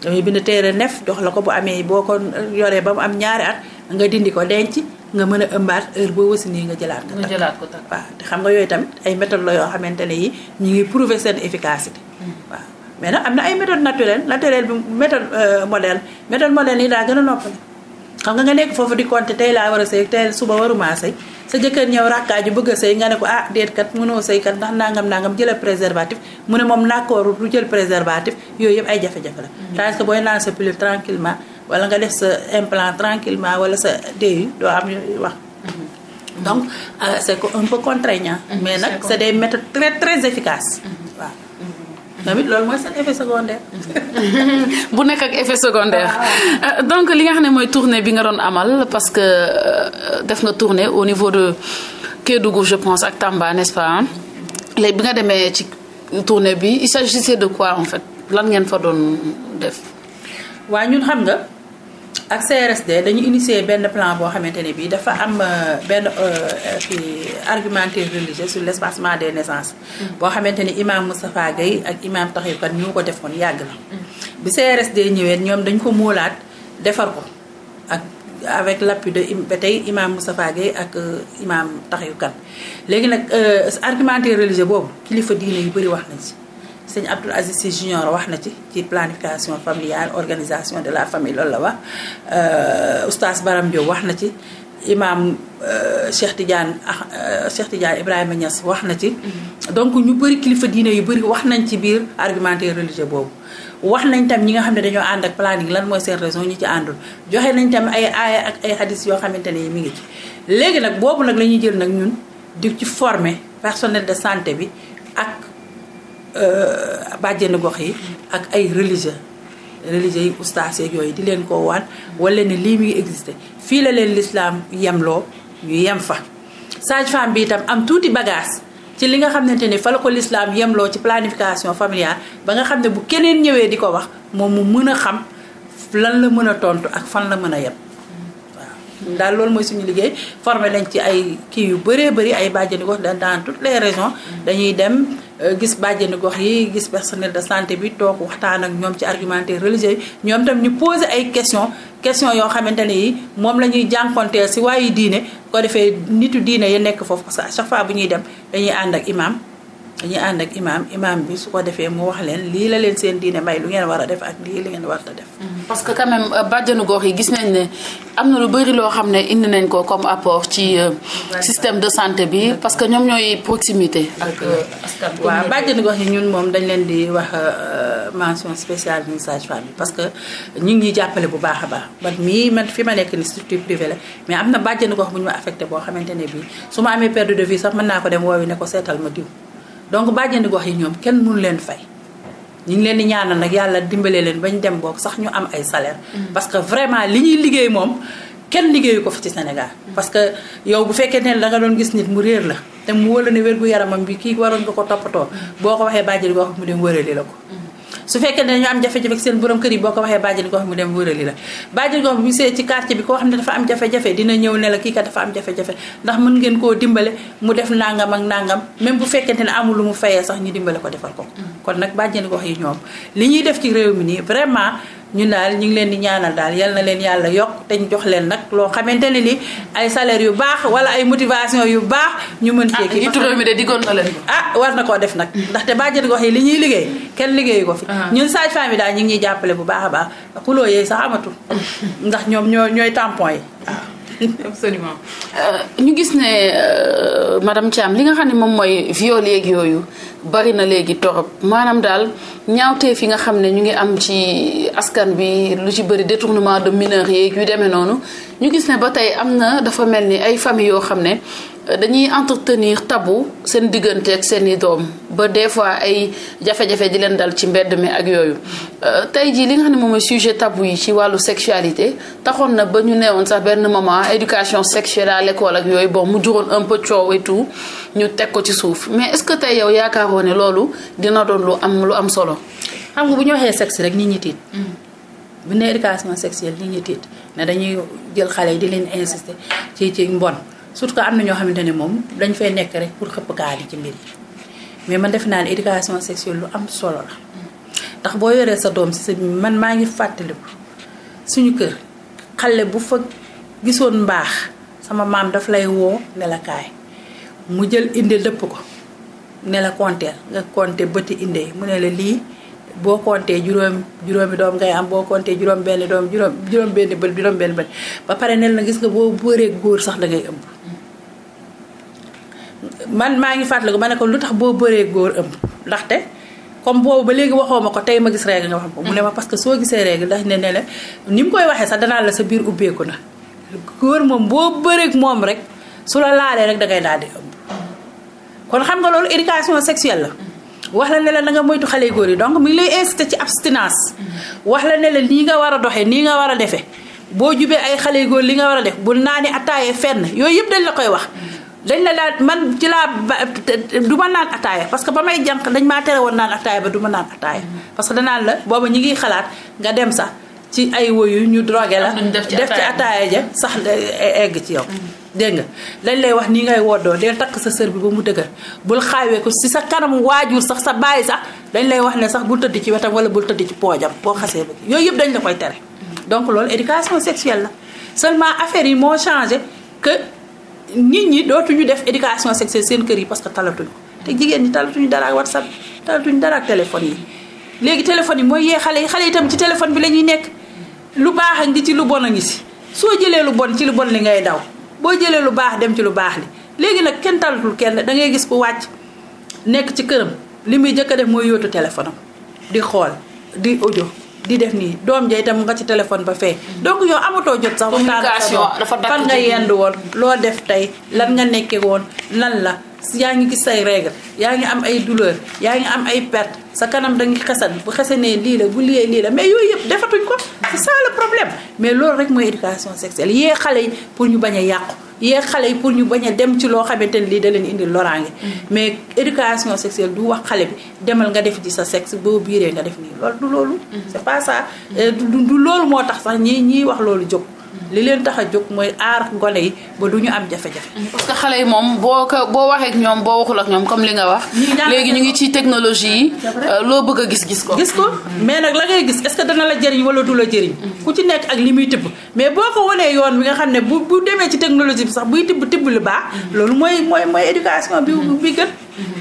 damay bind téere neef jox la ko bu amee boo ko yoree ba mu am ñaari at nga dindi ko denc nga mën a ëmbaat heure boo wasinee nga jëlaat ko. nga jëlaat ko takk waaw te xam nga yooyu tamit ay méthodes la yoo xamante ne yi ñu ngi prouver seen efficacité. Mm. waaw mais nag am na ay méthodes naturelles naturelle bi méthode euh, modèle méthode modèle yi daa gën a noppale. xam nga nga nekk foofu di compter tey laa war a sëy tey suba waruma sëy sa jëkkër ñëw rakkaaju bëgg a sëy nga ne ko ah déet kat mënoo sëy kat ndax nangam nangam jëlal préservatif mu ne moom nakkooru du jël préservatif yooyu yëpp ay jafe-jafe la. parce mm. que booy wala nga def sa implant tranquillement wala sa DU doo am yooyu wax donc euh, est un peu contraignant mm-hmm. mais nag c' est des méthodes très très efficaces mm-hmm. waaw tamit mm-hmm. loolu mooy seen effet secondaire. bu nekk ak effet secondaire ah, euh, donc li nga xam ne mooy tournée bi nga doon amal parce que euh, def nga tournée au niveau de Kédougou je pense ak Tamba n'est-ce pas léegi bi nga demee ci tournée bi il s'agissait de quoi en fait lan ngeen fa doon def. waaw ñun xam nga. ak CRSD dañu initier benn plan boo xamante ne bii dafa am euh, benn euh, kii argumentaire religieux sur l' espacement des naissances. Mm. boo xamante ni imam Moustapha Gueye ak imam Taxir Kan ñu ko defoon yàgg na. Mm. bi CRSD ñëwee ñoom dañ ko moolaat defar ko ak avec l' appui de ba tey imam Moustapha Gueye ak euh, imam Taxir Kan léegi nag argumentaire religieux boobu kilifa diine yu bëri wax nañ ci. sëñ Abdoul Aziz Sy Junior wax na ci ci planification familiale organisation de la famille loolu la wax euh, oustaz Baram Diop wax na ci imaam euh, Cheikh Tidiane ah euh, Cheikh Tidiane Ibrahima Niass wax na ci. Mhm. donc ñu bëri kilifa diine yu bëri wax nañ ci biir argumentaire religieux boobu. wax nañ tam ñi nga xam ne dañoo ànd ak planning lan mooy seen raison ñu ci àndul joxe nañ tam ay aaya ak ay hadis yoo xamante ne mi ngi ci. léegi nag boobu nag la ñuy jël nag ñun di ci former personnel de santé bi ak Euh, bàjjenu gox yi ak ay religieux religieux yi ustaas yooyu di leen ko waan wala ne lii mi ngi fii la leen lislaam yemloo yu yem fa sage-femme bi itam am tuuti bagage ci li nga xamante ne fa la ko lislaam yemloo ci planification familiale ba nga xam ne bu keneen ñëwee di ko wax moom mu mën a xam lan la mën a tontu ak fan la mën a yem waaw daal loolu mooy suñu liggéey formé lañ ci ay kii yu bëree bëri ay bàjjenu gox dans toutes les régions dañuy dem gis bàjjenu gox yi gis personnel de santé bi toog waxtaan ak ñoom ci argumentaire religieux ñoom tam ñu posé ay question question yoo xamante ne yi moom la ñuy jànkonteel si waaye diine ko defee nitu diine yi nekk foofu parce que chaque fois bu ñuy dem dañuy ànd ak imam dañuy ànd ak imaam imaam bi su ko defee mu wax leen lii la leen seen diine may lu ngeen war a def ak lii la ngeen war a def. Mm-hmm. parce que quand même euh, bàjjanu gox yi gis nañ ne am na lu bëri loo xam ne indi nañ ko comme apport ci euh, système de santé bi parce que ñoom ñooy proximité. ak euh, askan waaw bàjjanu gox yi ñun moom dañ leen di wax mention spéciale d'une sage-femme parce que ñu ngi jàppale bu baax a baax man mii man fi ma nekk ni structure privée mais am na bàjjanu gox bu ñu ma boo xamante ne bii su ma amee perte de vue sax mën naa ko dem woowi ne ko seetal ma diw. donc bàjjenu gox yi ñoom kenn mënu leen fay ñu ngi leen di ñaanal nag yàlla dimbale leen bañ dem boog sax ñu am ay salaire mm. parce que vraiment li ñuy liggéey moom kenn liggéeyu ko fi ci Sénégal mm. parce que yow bu fekkee ne da nga doon gis nit mu réer la te mu wóor ne wér gu yaramam bi kii waroon nga ko toppatoo mm. boo ko waxee bàjjenu gox mu dem wërali la ko su fekkee ne dañu am jafe-jafe seen borom kër yi boo ko waxee bàjjen gox bi mu dem wërali la bàjjen gox bi mu see ci quartier bi ko xam ne dafa am jafe-jafe dina ñëw ne la kii kat dafa am jafe-jafe ndax mën ngeen koo dimbale mu def nangam ak nangam même bu fekkente ne amul lu mu fayee sax ñu dimbale ko defal ko mm. kon nag bàjjen gox yi ñoom li ñuy def ci réew mi nii vraiment ñun daal ñu ngi leen di ñaanal daal yal na leen yàlla yokk te ñu jox leen nag loo xamante ne ni ay salaire yu baax wala ay motivation yu baax ñu mën cee kii ah, mi de diggoon na leen ah war na koo def nag ndaxte bàjjen gox yi li ñuy liggéey kenn liggéeyu ko fi ah. ñun sage-femme yi daal ñu ngi ñuy jàppale bu baax a baax xuloo yee sax amatul ndax ñoom ñoo ñooy tampon yi absolument euh, ñu gis ne euh, madame Thiam li nga xam ne moom mooy viol yéeg yooyu bari na léegi torop maanaam daal ñaawteef fi nga xam ne ñu ngi am ci askan bi lu ci bëri détournement de mineurs yeeg yu demee noonu ñu gis ne ba tey am na dafa mel ni ay famille yoo xam ne. dañuy entretenir tabou seen diggante ak seen i doom ba des fois ay jafe-jafe di leen dal ci mbedd mi ak yooyu euh, tey jii li nga xam ne moom mooy sujet tabou yi ci wàllu sexualité taxoon na ba ñu neewoon sax benn moment éducation sexuelle à ak yooyu bon mu juróon un peu coow et ñu teg ko ci suuf mais est-ce que tey yow yaakaaroo ne loolu dina doon lu am lu am solo. xam nga bu ñu waxee sexe rek nit ñi tiit. Mm. bu ne éducation sexuelle nit ñi tiit ne dañuy jël xale yi di leen insister ci ci mbon. surtout que am na ñoo xamante ne moom dañ fay nekk rek pour xëpp kaal ci mbir yi mais man defe naa ne éducation sexuelle lu am solo la ndax boo yoree sa doom si sa man maa ngi fàttaliku suñu kër xale bu fa gisoon mbaax sama maam daf lay woo ne mu jël inde dëpp ko ne la konteel nga konte bëti inde mu ne la lii boo kontee juróom juróomi doom ngay am boo compté juróom benn doom juróom juróom benni bët juróom benn bët ba pare nel na gis nga boo bëree góor sax da ngay ëmb man maa ngi fàttaliku ma ne ko lu tax boo bëree góor ëmb ndaxte comme boobu ba léegi waxoo ma ko tey ma gis règle nga wax ko mu ne ma parce que soo gisee règle ndax ne ne la ni mu koy waxee sax danaa la sa biir ubbeeku na góor moom boo bëreek moom rek su la laalee rek da ngay daal di ëmb kon xam nga loolu éducation sexuelle la wax la ne la na nga moytu xale góor yi donc mu ngi lay incité ci abstinence wax la ne la nii nga war a doxee nii nga war a defee boo jubee ay xale góor li nga war a def bul naa ni ataaya fenn yooyu yëpp dañ la koy wax dañ la daal man ci laa du ma naan ataaya parce que ba may jànq dañ maa tere woon naan ataaya ba du naan ataaya parce que danaan la booba ñu ngi xalaat nga dem sax ci ay woyu ñu drogué la def ci ataaya ja sax eh, eh, egg ci yow dégg nga lañ lay wax nii ngay woddoo dee takk sa sër bi ba mu dëgër bul xaawee ko si sa kanam waajur sax sa bàyyi sax dañ lay wax ne sax bul tëdd ci wetam wala bul tëdd ci poojam boo xasee ba yooyu yëpp dañ la koy tere donc loolu éducation sexuelle la seulement affaire yi moo changé que nit ñi dootuñu def éducation sexuelle seen kër yi parce que talatuñu te jigéen ñi talatuñu dara ak whatsapp talatuñu dara ak yi léegi téléphone yi mooy yee xale yi xale yi tam ci téléphone bi lañuy nekk lu baax a ngi ci lu bon a ngi si soo jëlee lu bon ci li ngay daw boo jëlee lu baax dem ci lu baax li léegi nag kenn talatul kenn da ngay gis ku wàcc nekk ci këram li muy jëkk a def mooy yootu téléphone am di xool di audio di def nii doom ja itam nga ci téléphone ba fee. donc yow amatoo jot sax. communication dafa fan nga yend woon loo def tey lan nga nekkee woon lan la. yaa ngi gis say règle yaa ngi am ay douleur yaa ngi am ay perte sa kanam da ngi xesan bu xesanee lii la bu liyee lii la mais yooyu yëpp defatuñ ko c'est ça problème mais loolu rek mooy éducation sexuelle yee xale yi pour ñu bañ a yàqu yee xale yi pour ñu bañ a dem ci loo xamante ne lii da indi indil loraange. Mm. mais éducation sexuelle du wax xale bi demal nga def ci sa sexe boo biiree nga def nii lool du loolu. Mm. c'est pas ça euh, du loolu moo tax sax ñi ñiy wax loolu jóg. li leen tax a jóg mooy aar gone yi ba du ñu am jafe-jafe. Mm, parce xale yi moom boo ko boo waxee ñoom boo waxul ak ñoom comme li nga wax. léegi ñu ngi ci technologie yi. Euh, loo bëgg a gis gis ko. gis ko mais nag la ngay gis est que dana la jariñ wala du la jëriñ. Mm. ku ci nekk ak li muy tibb mais boo ko wanee yoon bi nga xam ne bu bu demee ci technologie bi sax buy tibb tibb lu baax. Mm. loolu mooy mooy mooy éducation bi bi gën.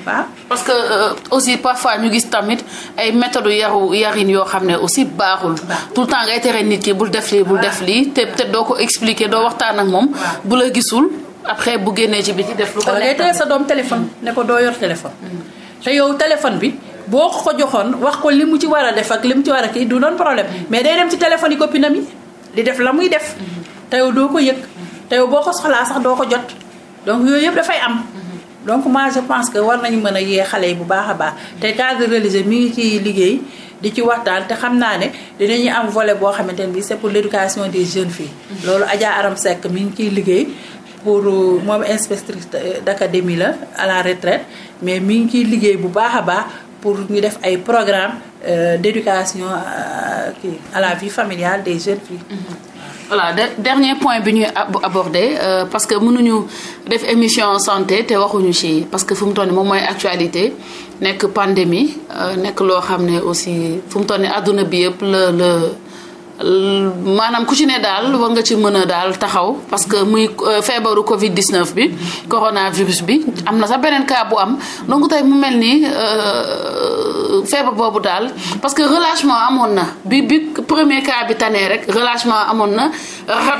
waaw mhm. parce que euh, aussi parfois ñu gis tamit ay méthodes yaru yarin yoo xam ne aussi baaxul. tout le temps ngay tere nit ki bul def lii bul def lii te te doo ko expliquer doo waxtaan ak moom. bu la gisul après bu génnee ci bi biti def. lu ko nekk sa doom téléphone ne ko doo yor téléphone. Mhm. te yow téléphone bi. boo ko ko joxoon wax ko li mu ci war a def ak li mu ci war a kii du doon problème mhm. mais day dem ci téléphone yi copine am yi di def la muy def te yow doo ko yëg te yow boo ko soxlaa sax doo ko jot donc yooyu yëpp dafay am. donc moi je pense que war nañu mën a yee xale yi bu baax a baax te cadre religieux mi ngi ci liggéey di ci waxtaan te xam naa ne dinañu am volet boo xamante ne bii c'est pour l'éducation des jeunes fii loolu Adja Aram Seck mi ngi ciy liggéey pour euh, moom inspectrice d'académie la à la retraite mais mi ngi ciy liggéey bu baax a baax. pour ñu def ay programme euh, d'éducation kii euh, à la vie familiale des jeunes filles. Mhm. voilà de dernier point bi ñuy abordé euh, parce que mënuñu def émission santé te waxuñu ci parce que fu mu toll moom mooy actualité nekk pandémie euh, nekk loo xam ne aussi fu mu toll àdduna bi yëpp la la. maanaam ku ci ne daal war nga ci mën a daal taxaw parce que muy euh, feebaru Covid 19 bi coronavirus bi am na sa beneen cas bu am donc tey mu mel ni euh, feebar boobu daal parce que relâchement amoon na bi bi premier cas bi tanee rek relâchement amoon na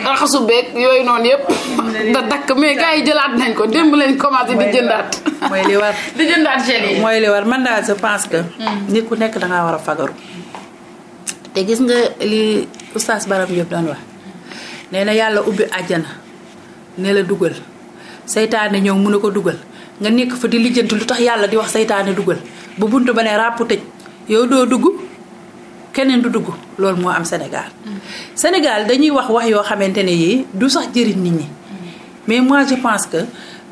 raxasu beeg yooyu noonu yëpp da dakk mais gars yi jëlaat nañ ko démb lañ commencé di jëndaat mooy li war di jëndaat gel yi mooy li war man daal je pense mm. nit ku nekk dangaa war a fagaru te gis nga li oustaz Barab Diop doon wax nee na yàlla ubbi àjjana ne la dugal seytaane ñëw mun a ko dugal nga nekk fa di lijjanti lu tax yàlla di wax seytaane dugal bu bunt ba ne ràpp tëj yow doo dugg keneen du dugg loolu moo am Sénégal. Mm. Sénégal dañuy wax wax yoo xamante ne yii du sax jëriñ nit ñi mm. mais moi je pense que.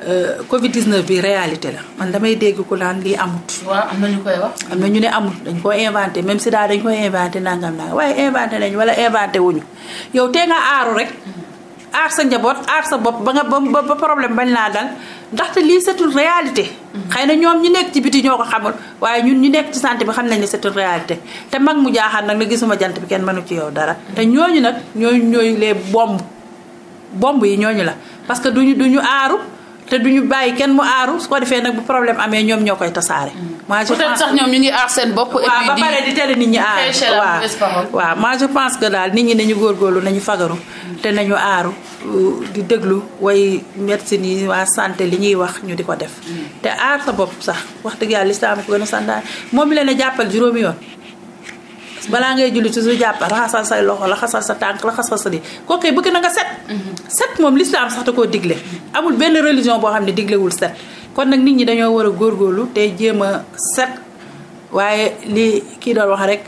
Euh, Covid 19 bi réalité la man damay dégg ku naan lii amut. waaw ñu koy wax. am na ñu ne amut dañ koo inventé même si daal dañ koy inventé nangam nangam waaye inventé nañu wala inventé ñu yow tee nga aaru rek. aar sa njaboot aar sa bopp ba nga ba ba problème bañ laa dal ndaxte lii c'est réalité. xëy na ñoom ñu nekk ci biti ñoo ko xamul waaye ñun ñu nekk ci santé bi xam nañ ne c'est réalité te mag mu jaaxaan nag na gisuma jant bi kenn mënu ci yow dara. te ñooñu nag ñooñu ñooy les bombes bomb yi ñooñu la te du ñu bàyyi kenn mu aaru su ko defee nag bu problème amee ñoom ñoo koy tasaare. moi pense sax ñoom ñu ngi aar seen bopp. et di waaw ba pare di tere nit ñi aar waaw waaw moi je pense que daal nit nañu góorgóorlu nañu fagaru. te nañu aaru di déglu way médecine yi waa santé li ñuy wax ñu di ko def. Mm. te aar sa bopp sax wax dëgg yàlla lislaam ko gën a sandaane moom leen a jàppal juróomi yoon. balaa ngay julli toujours jàppal raxasal say loxo raxasal sa tànk raxasal sa di kooku bëgg na nga set. Mhm. set moom lislaam sax da koo digle amul benn religion boo xam ne diglewul set kon nag nit ñi dañoo war a góorgóorlu te jéem a set waaye li kii doon wax rek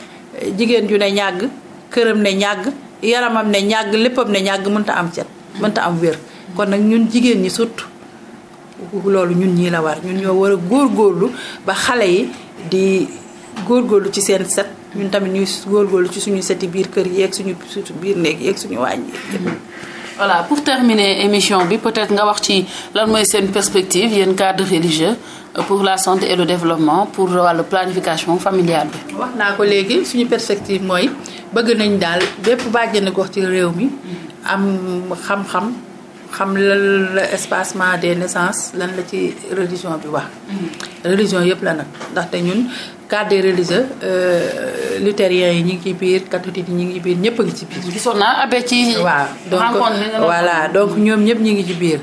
jigéen ju ne ñàgg këram ne ñàgg yaramam ne ñàgg léppam ne ñàgg mënta am cet mënta am wér kon nag ñun jigéen ñi surtout loolu ñun ñii la war ñun ñoo war a góorgóorlu ba xale yi di góor góorlu ci seen set ñun tamit ñuy góorgóorlu ci suñu seti biir kër yi ak suñu biir néeg yi suñu waañ yi voilà pour terminer émission bi peut-être nga wax ci lan mooy seen perspective yéen cadre religieux pour la santé et le développement pour wàllu planification familiale bi. wax naa ko léegi suñu perspective mooy bëgg nañ daal bépp bàjjenu gox ci réew mi am xam-xam. xam lan la espacement des naissances lan la ci religion bi wax. Mm-hmm. religion yëpp la nag ndaxte ñun cadre religieux euh, luthériens yi ñu ngi ci biir catholique yi ñu ngi biir ñëpp a ngi ci biir. gisoon naa abe ci. waaw donc voilà donc ñoom ñëpp ñu ngi ci biir.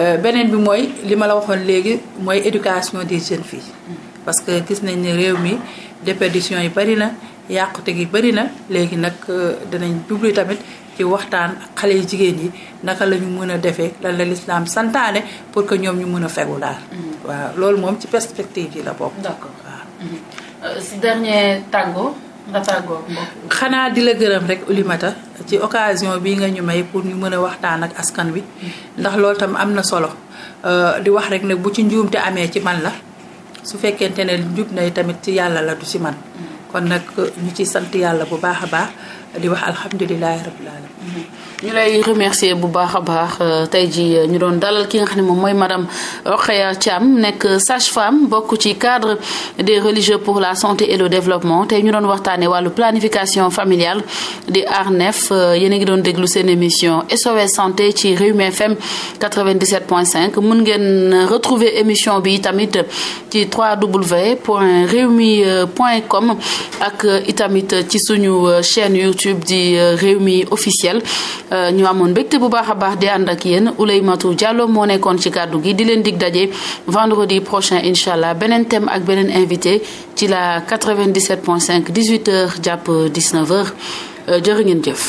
Euh, beneen bi mooy li ma la waxoon léegi mooy éducation des jeunes fii mm-hmm. parce que gis nañ ne réew mi déperdition yi bari na yàqute gi bari na léegi nag euh, danañ jublu tamit ci waxtaan ak xale yu jigéen yi ndaka la ñu mën a defee lan la lislaam santaane pour que ñoom ñu mën a fegu daal. Mm-hmm. waaw loolu moom ci perspective yi la bokk. d'accord waaw. Mm-hmm. Euh, si dernier tàggoo nga tàggoo xanaa di la gërëm rek Oulimata ci occasion bii nga ñu may pour ñu mën a waxtaan ak askan wi mm-hmm. ndax loolu tam am na solo euh, di wax rek ne bu ci njuum te amee ci man la su fekkente ne njub na tamit ci yàlla la du ci man kon nag ñu ci sant yàlla bu baax a baax. di wax alhamdulilahi rabbil alamin ñu lay remercier bu baax a baax euh, tey jii euh, ñu doon dalal ki nga xam ne moom mooy madame Rokhaya Thiam nekk sage-femme bokk ci cadre des religieux pour la santé et le développement tey ñu doon waxtaanee wàllu planification familiale di ARNEF euh, yéen a ngi doon déglu seen émission SOS santé ci Rewmi FM 97.5 mën ngeen retrouver émission bi tamit ci 3W point Rewmi point com ak itamit ci suñu chaîne YouTube di Rewmi officiel. Euh, ñu amoon mbégte bu baax a baax di ànd ak yenn yéen matu Diallo moo nekkoon ci kàddu gi di leen dig daje vendredi prochain incha allah beneen thème ak beneen invité ci la 97.5 18h jàpp 19h euh, jërë ngeen jëf.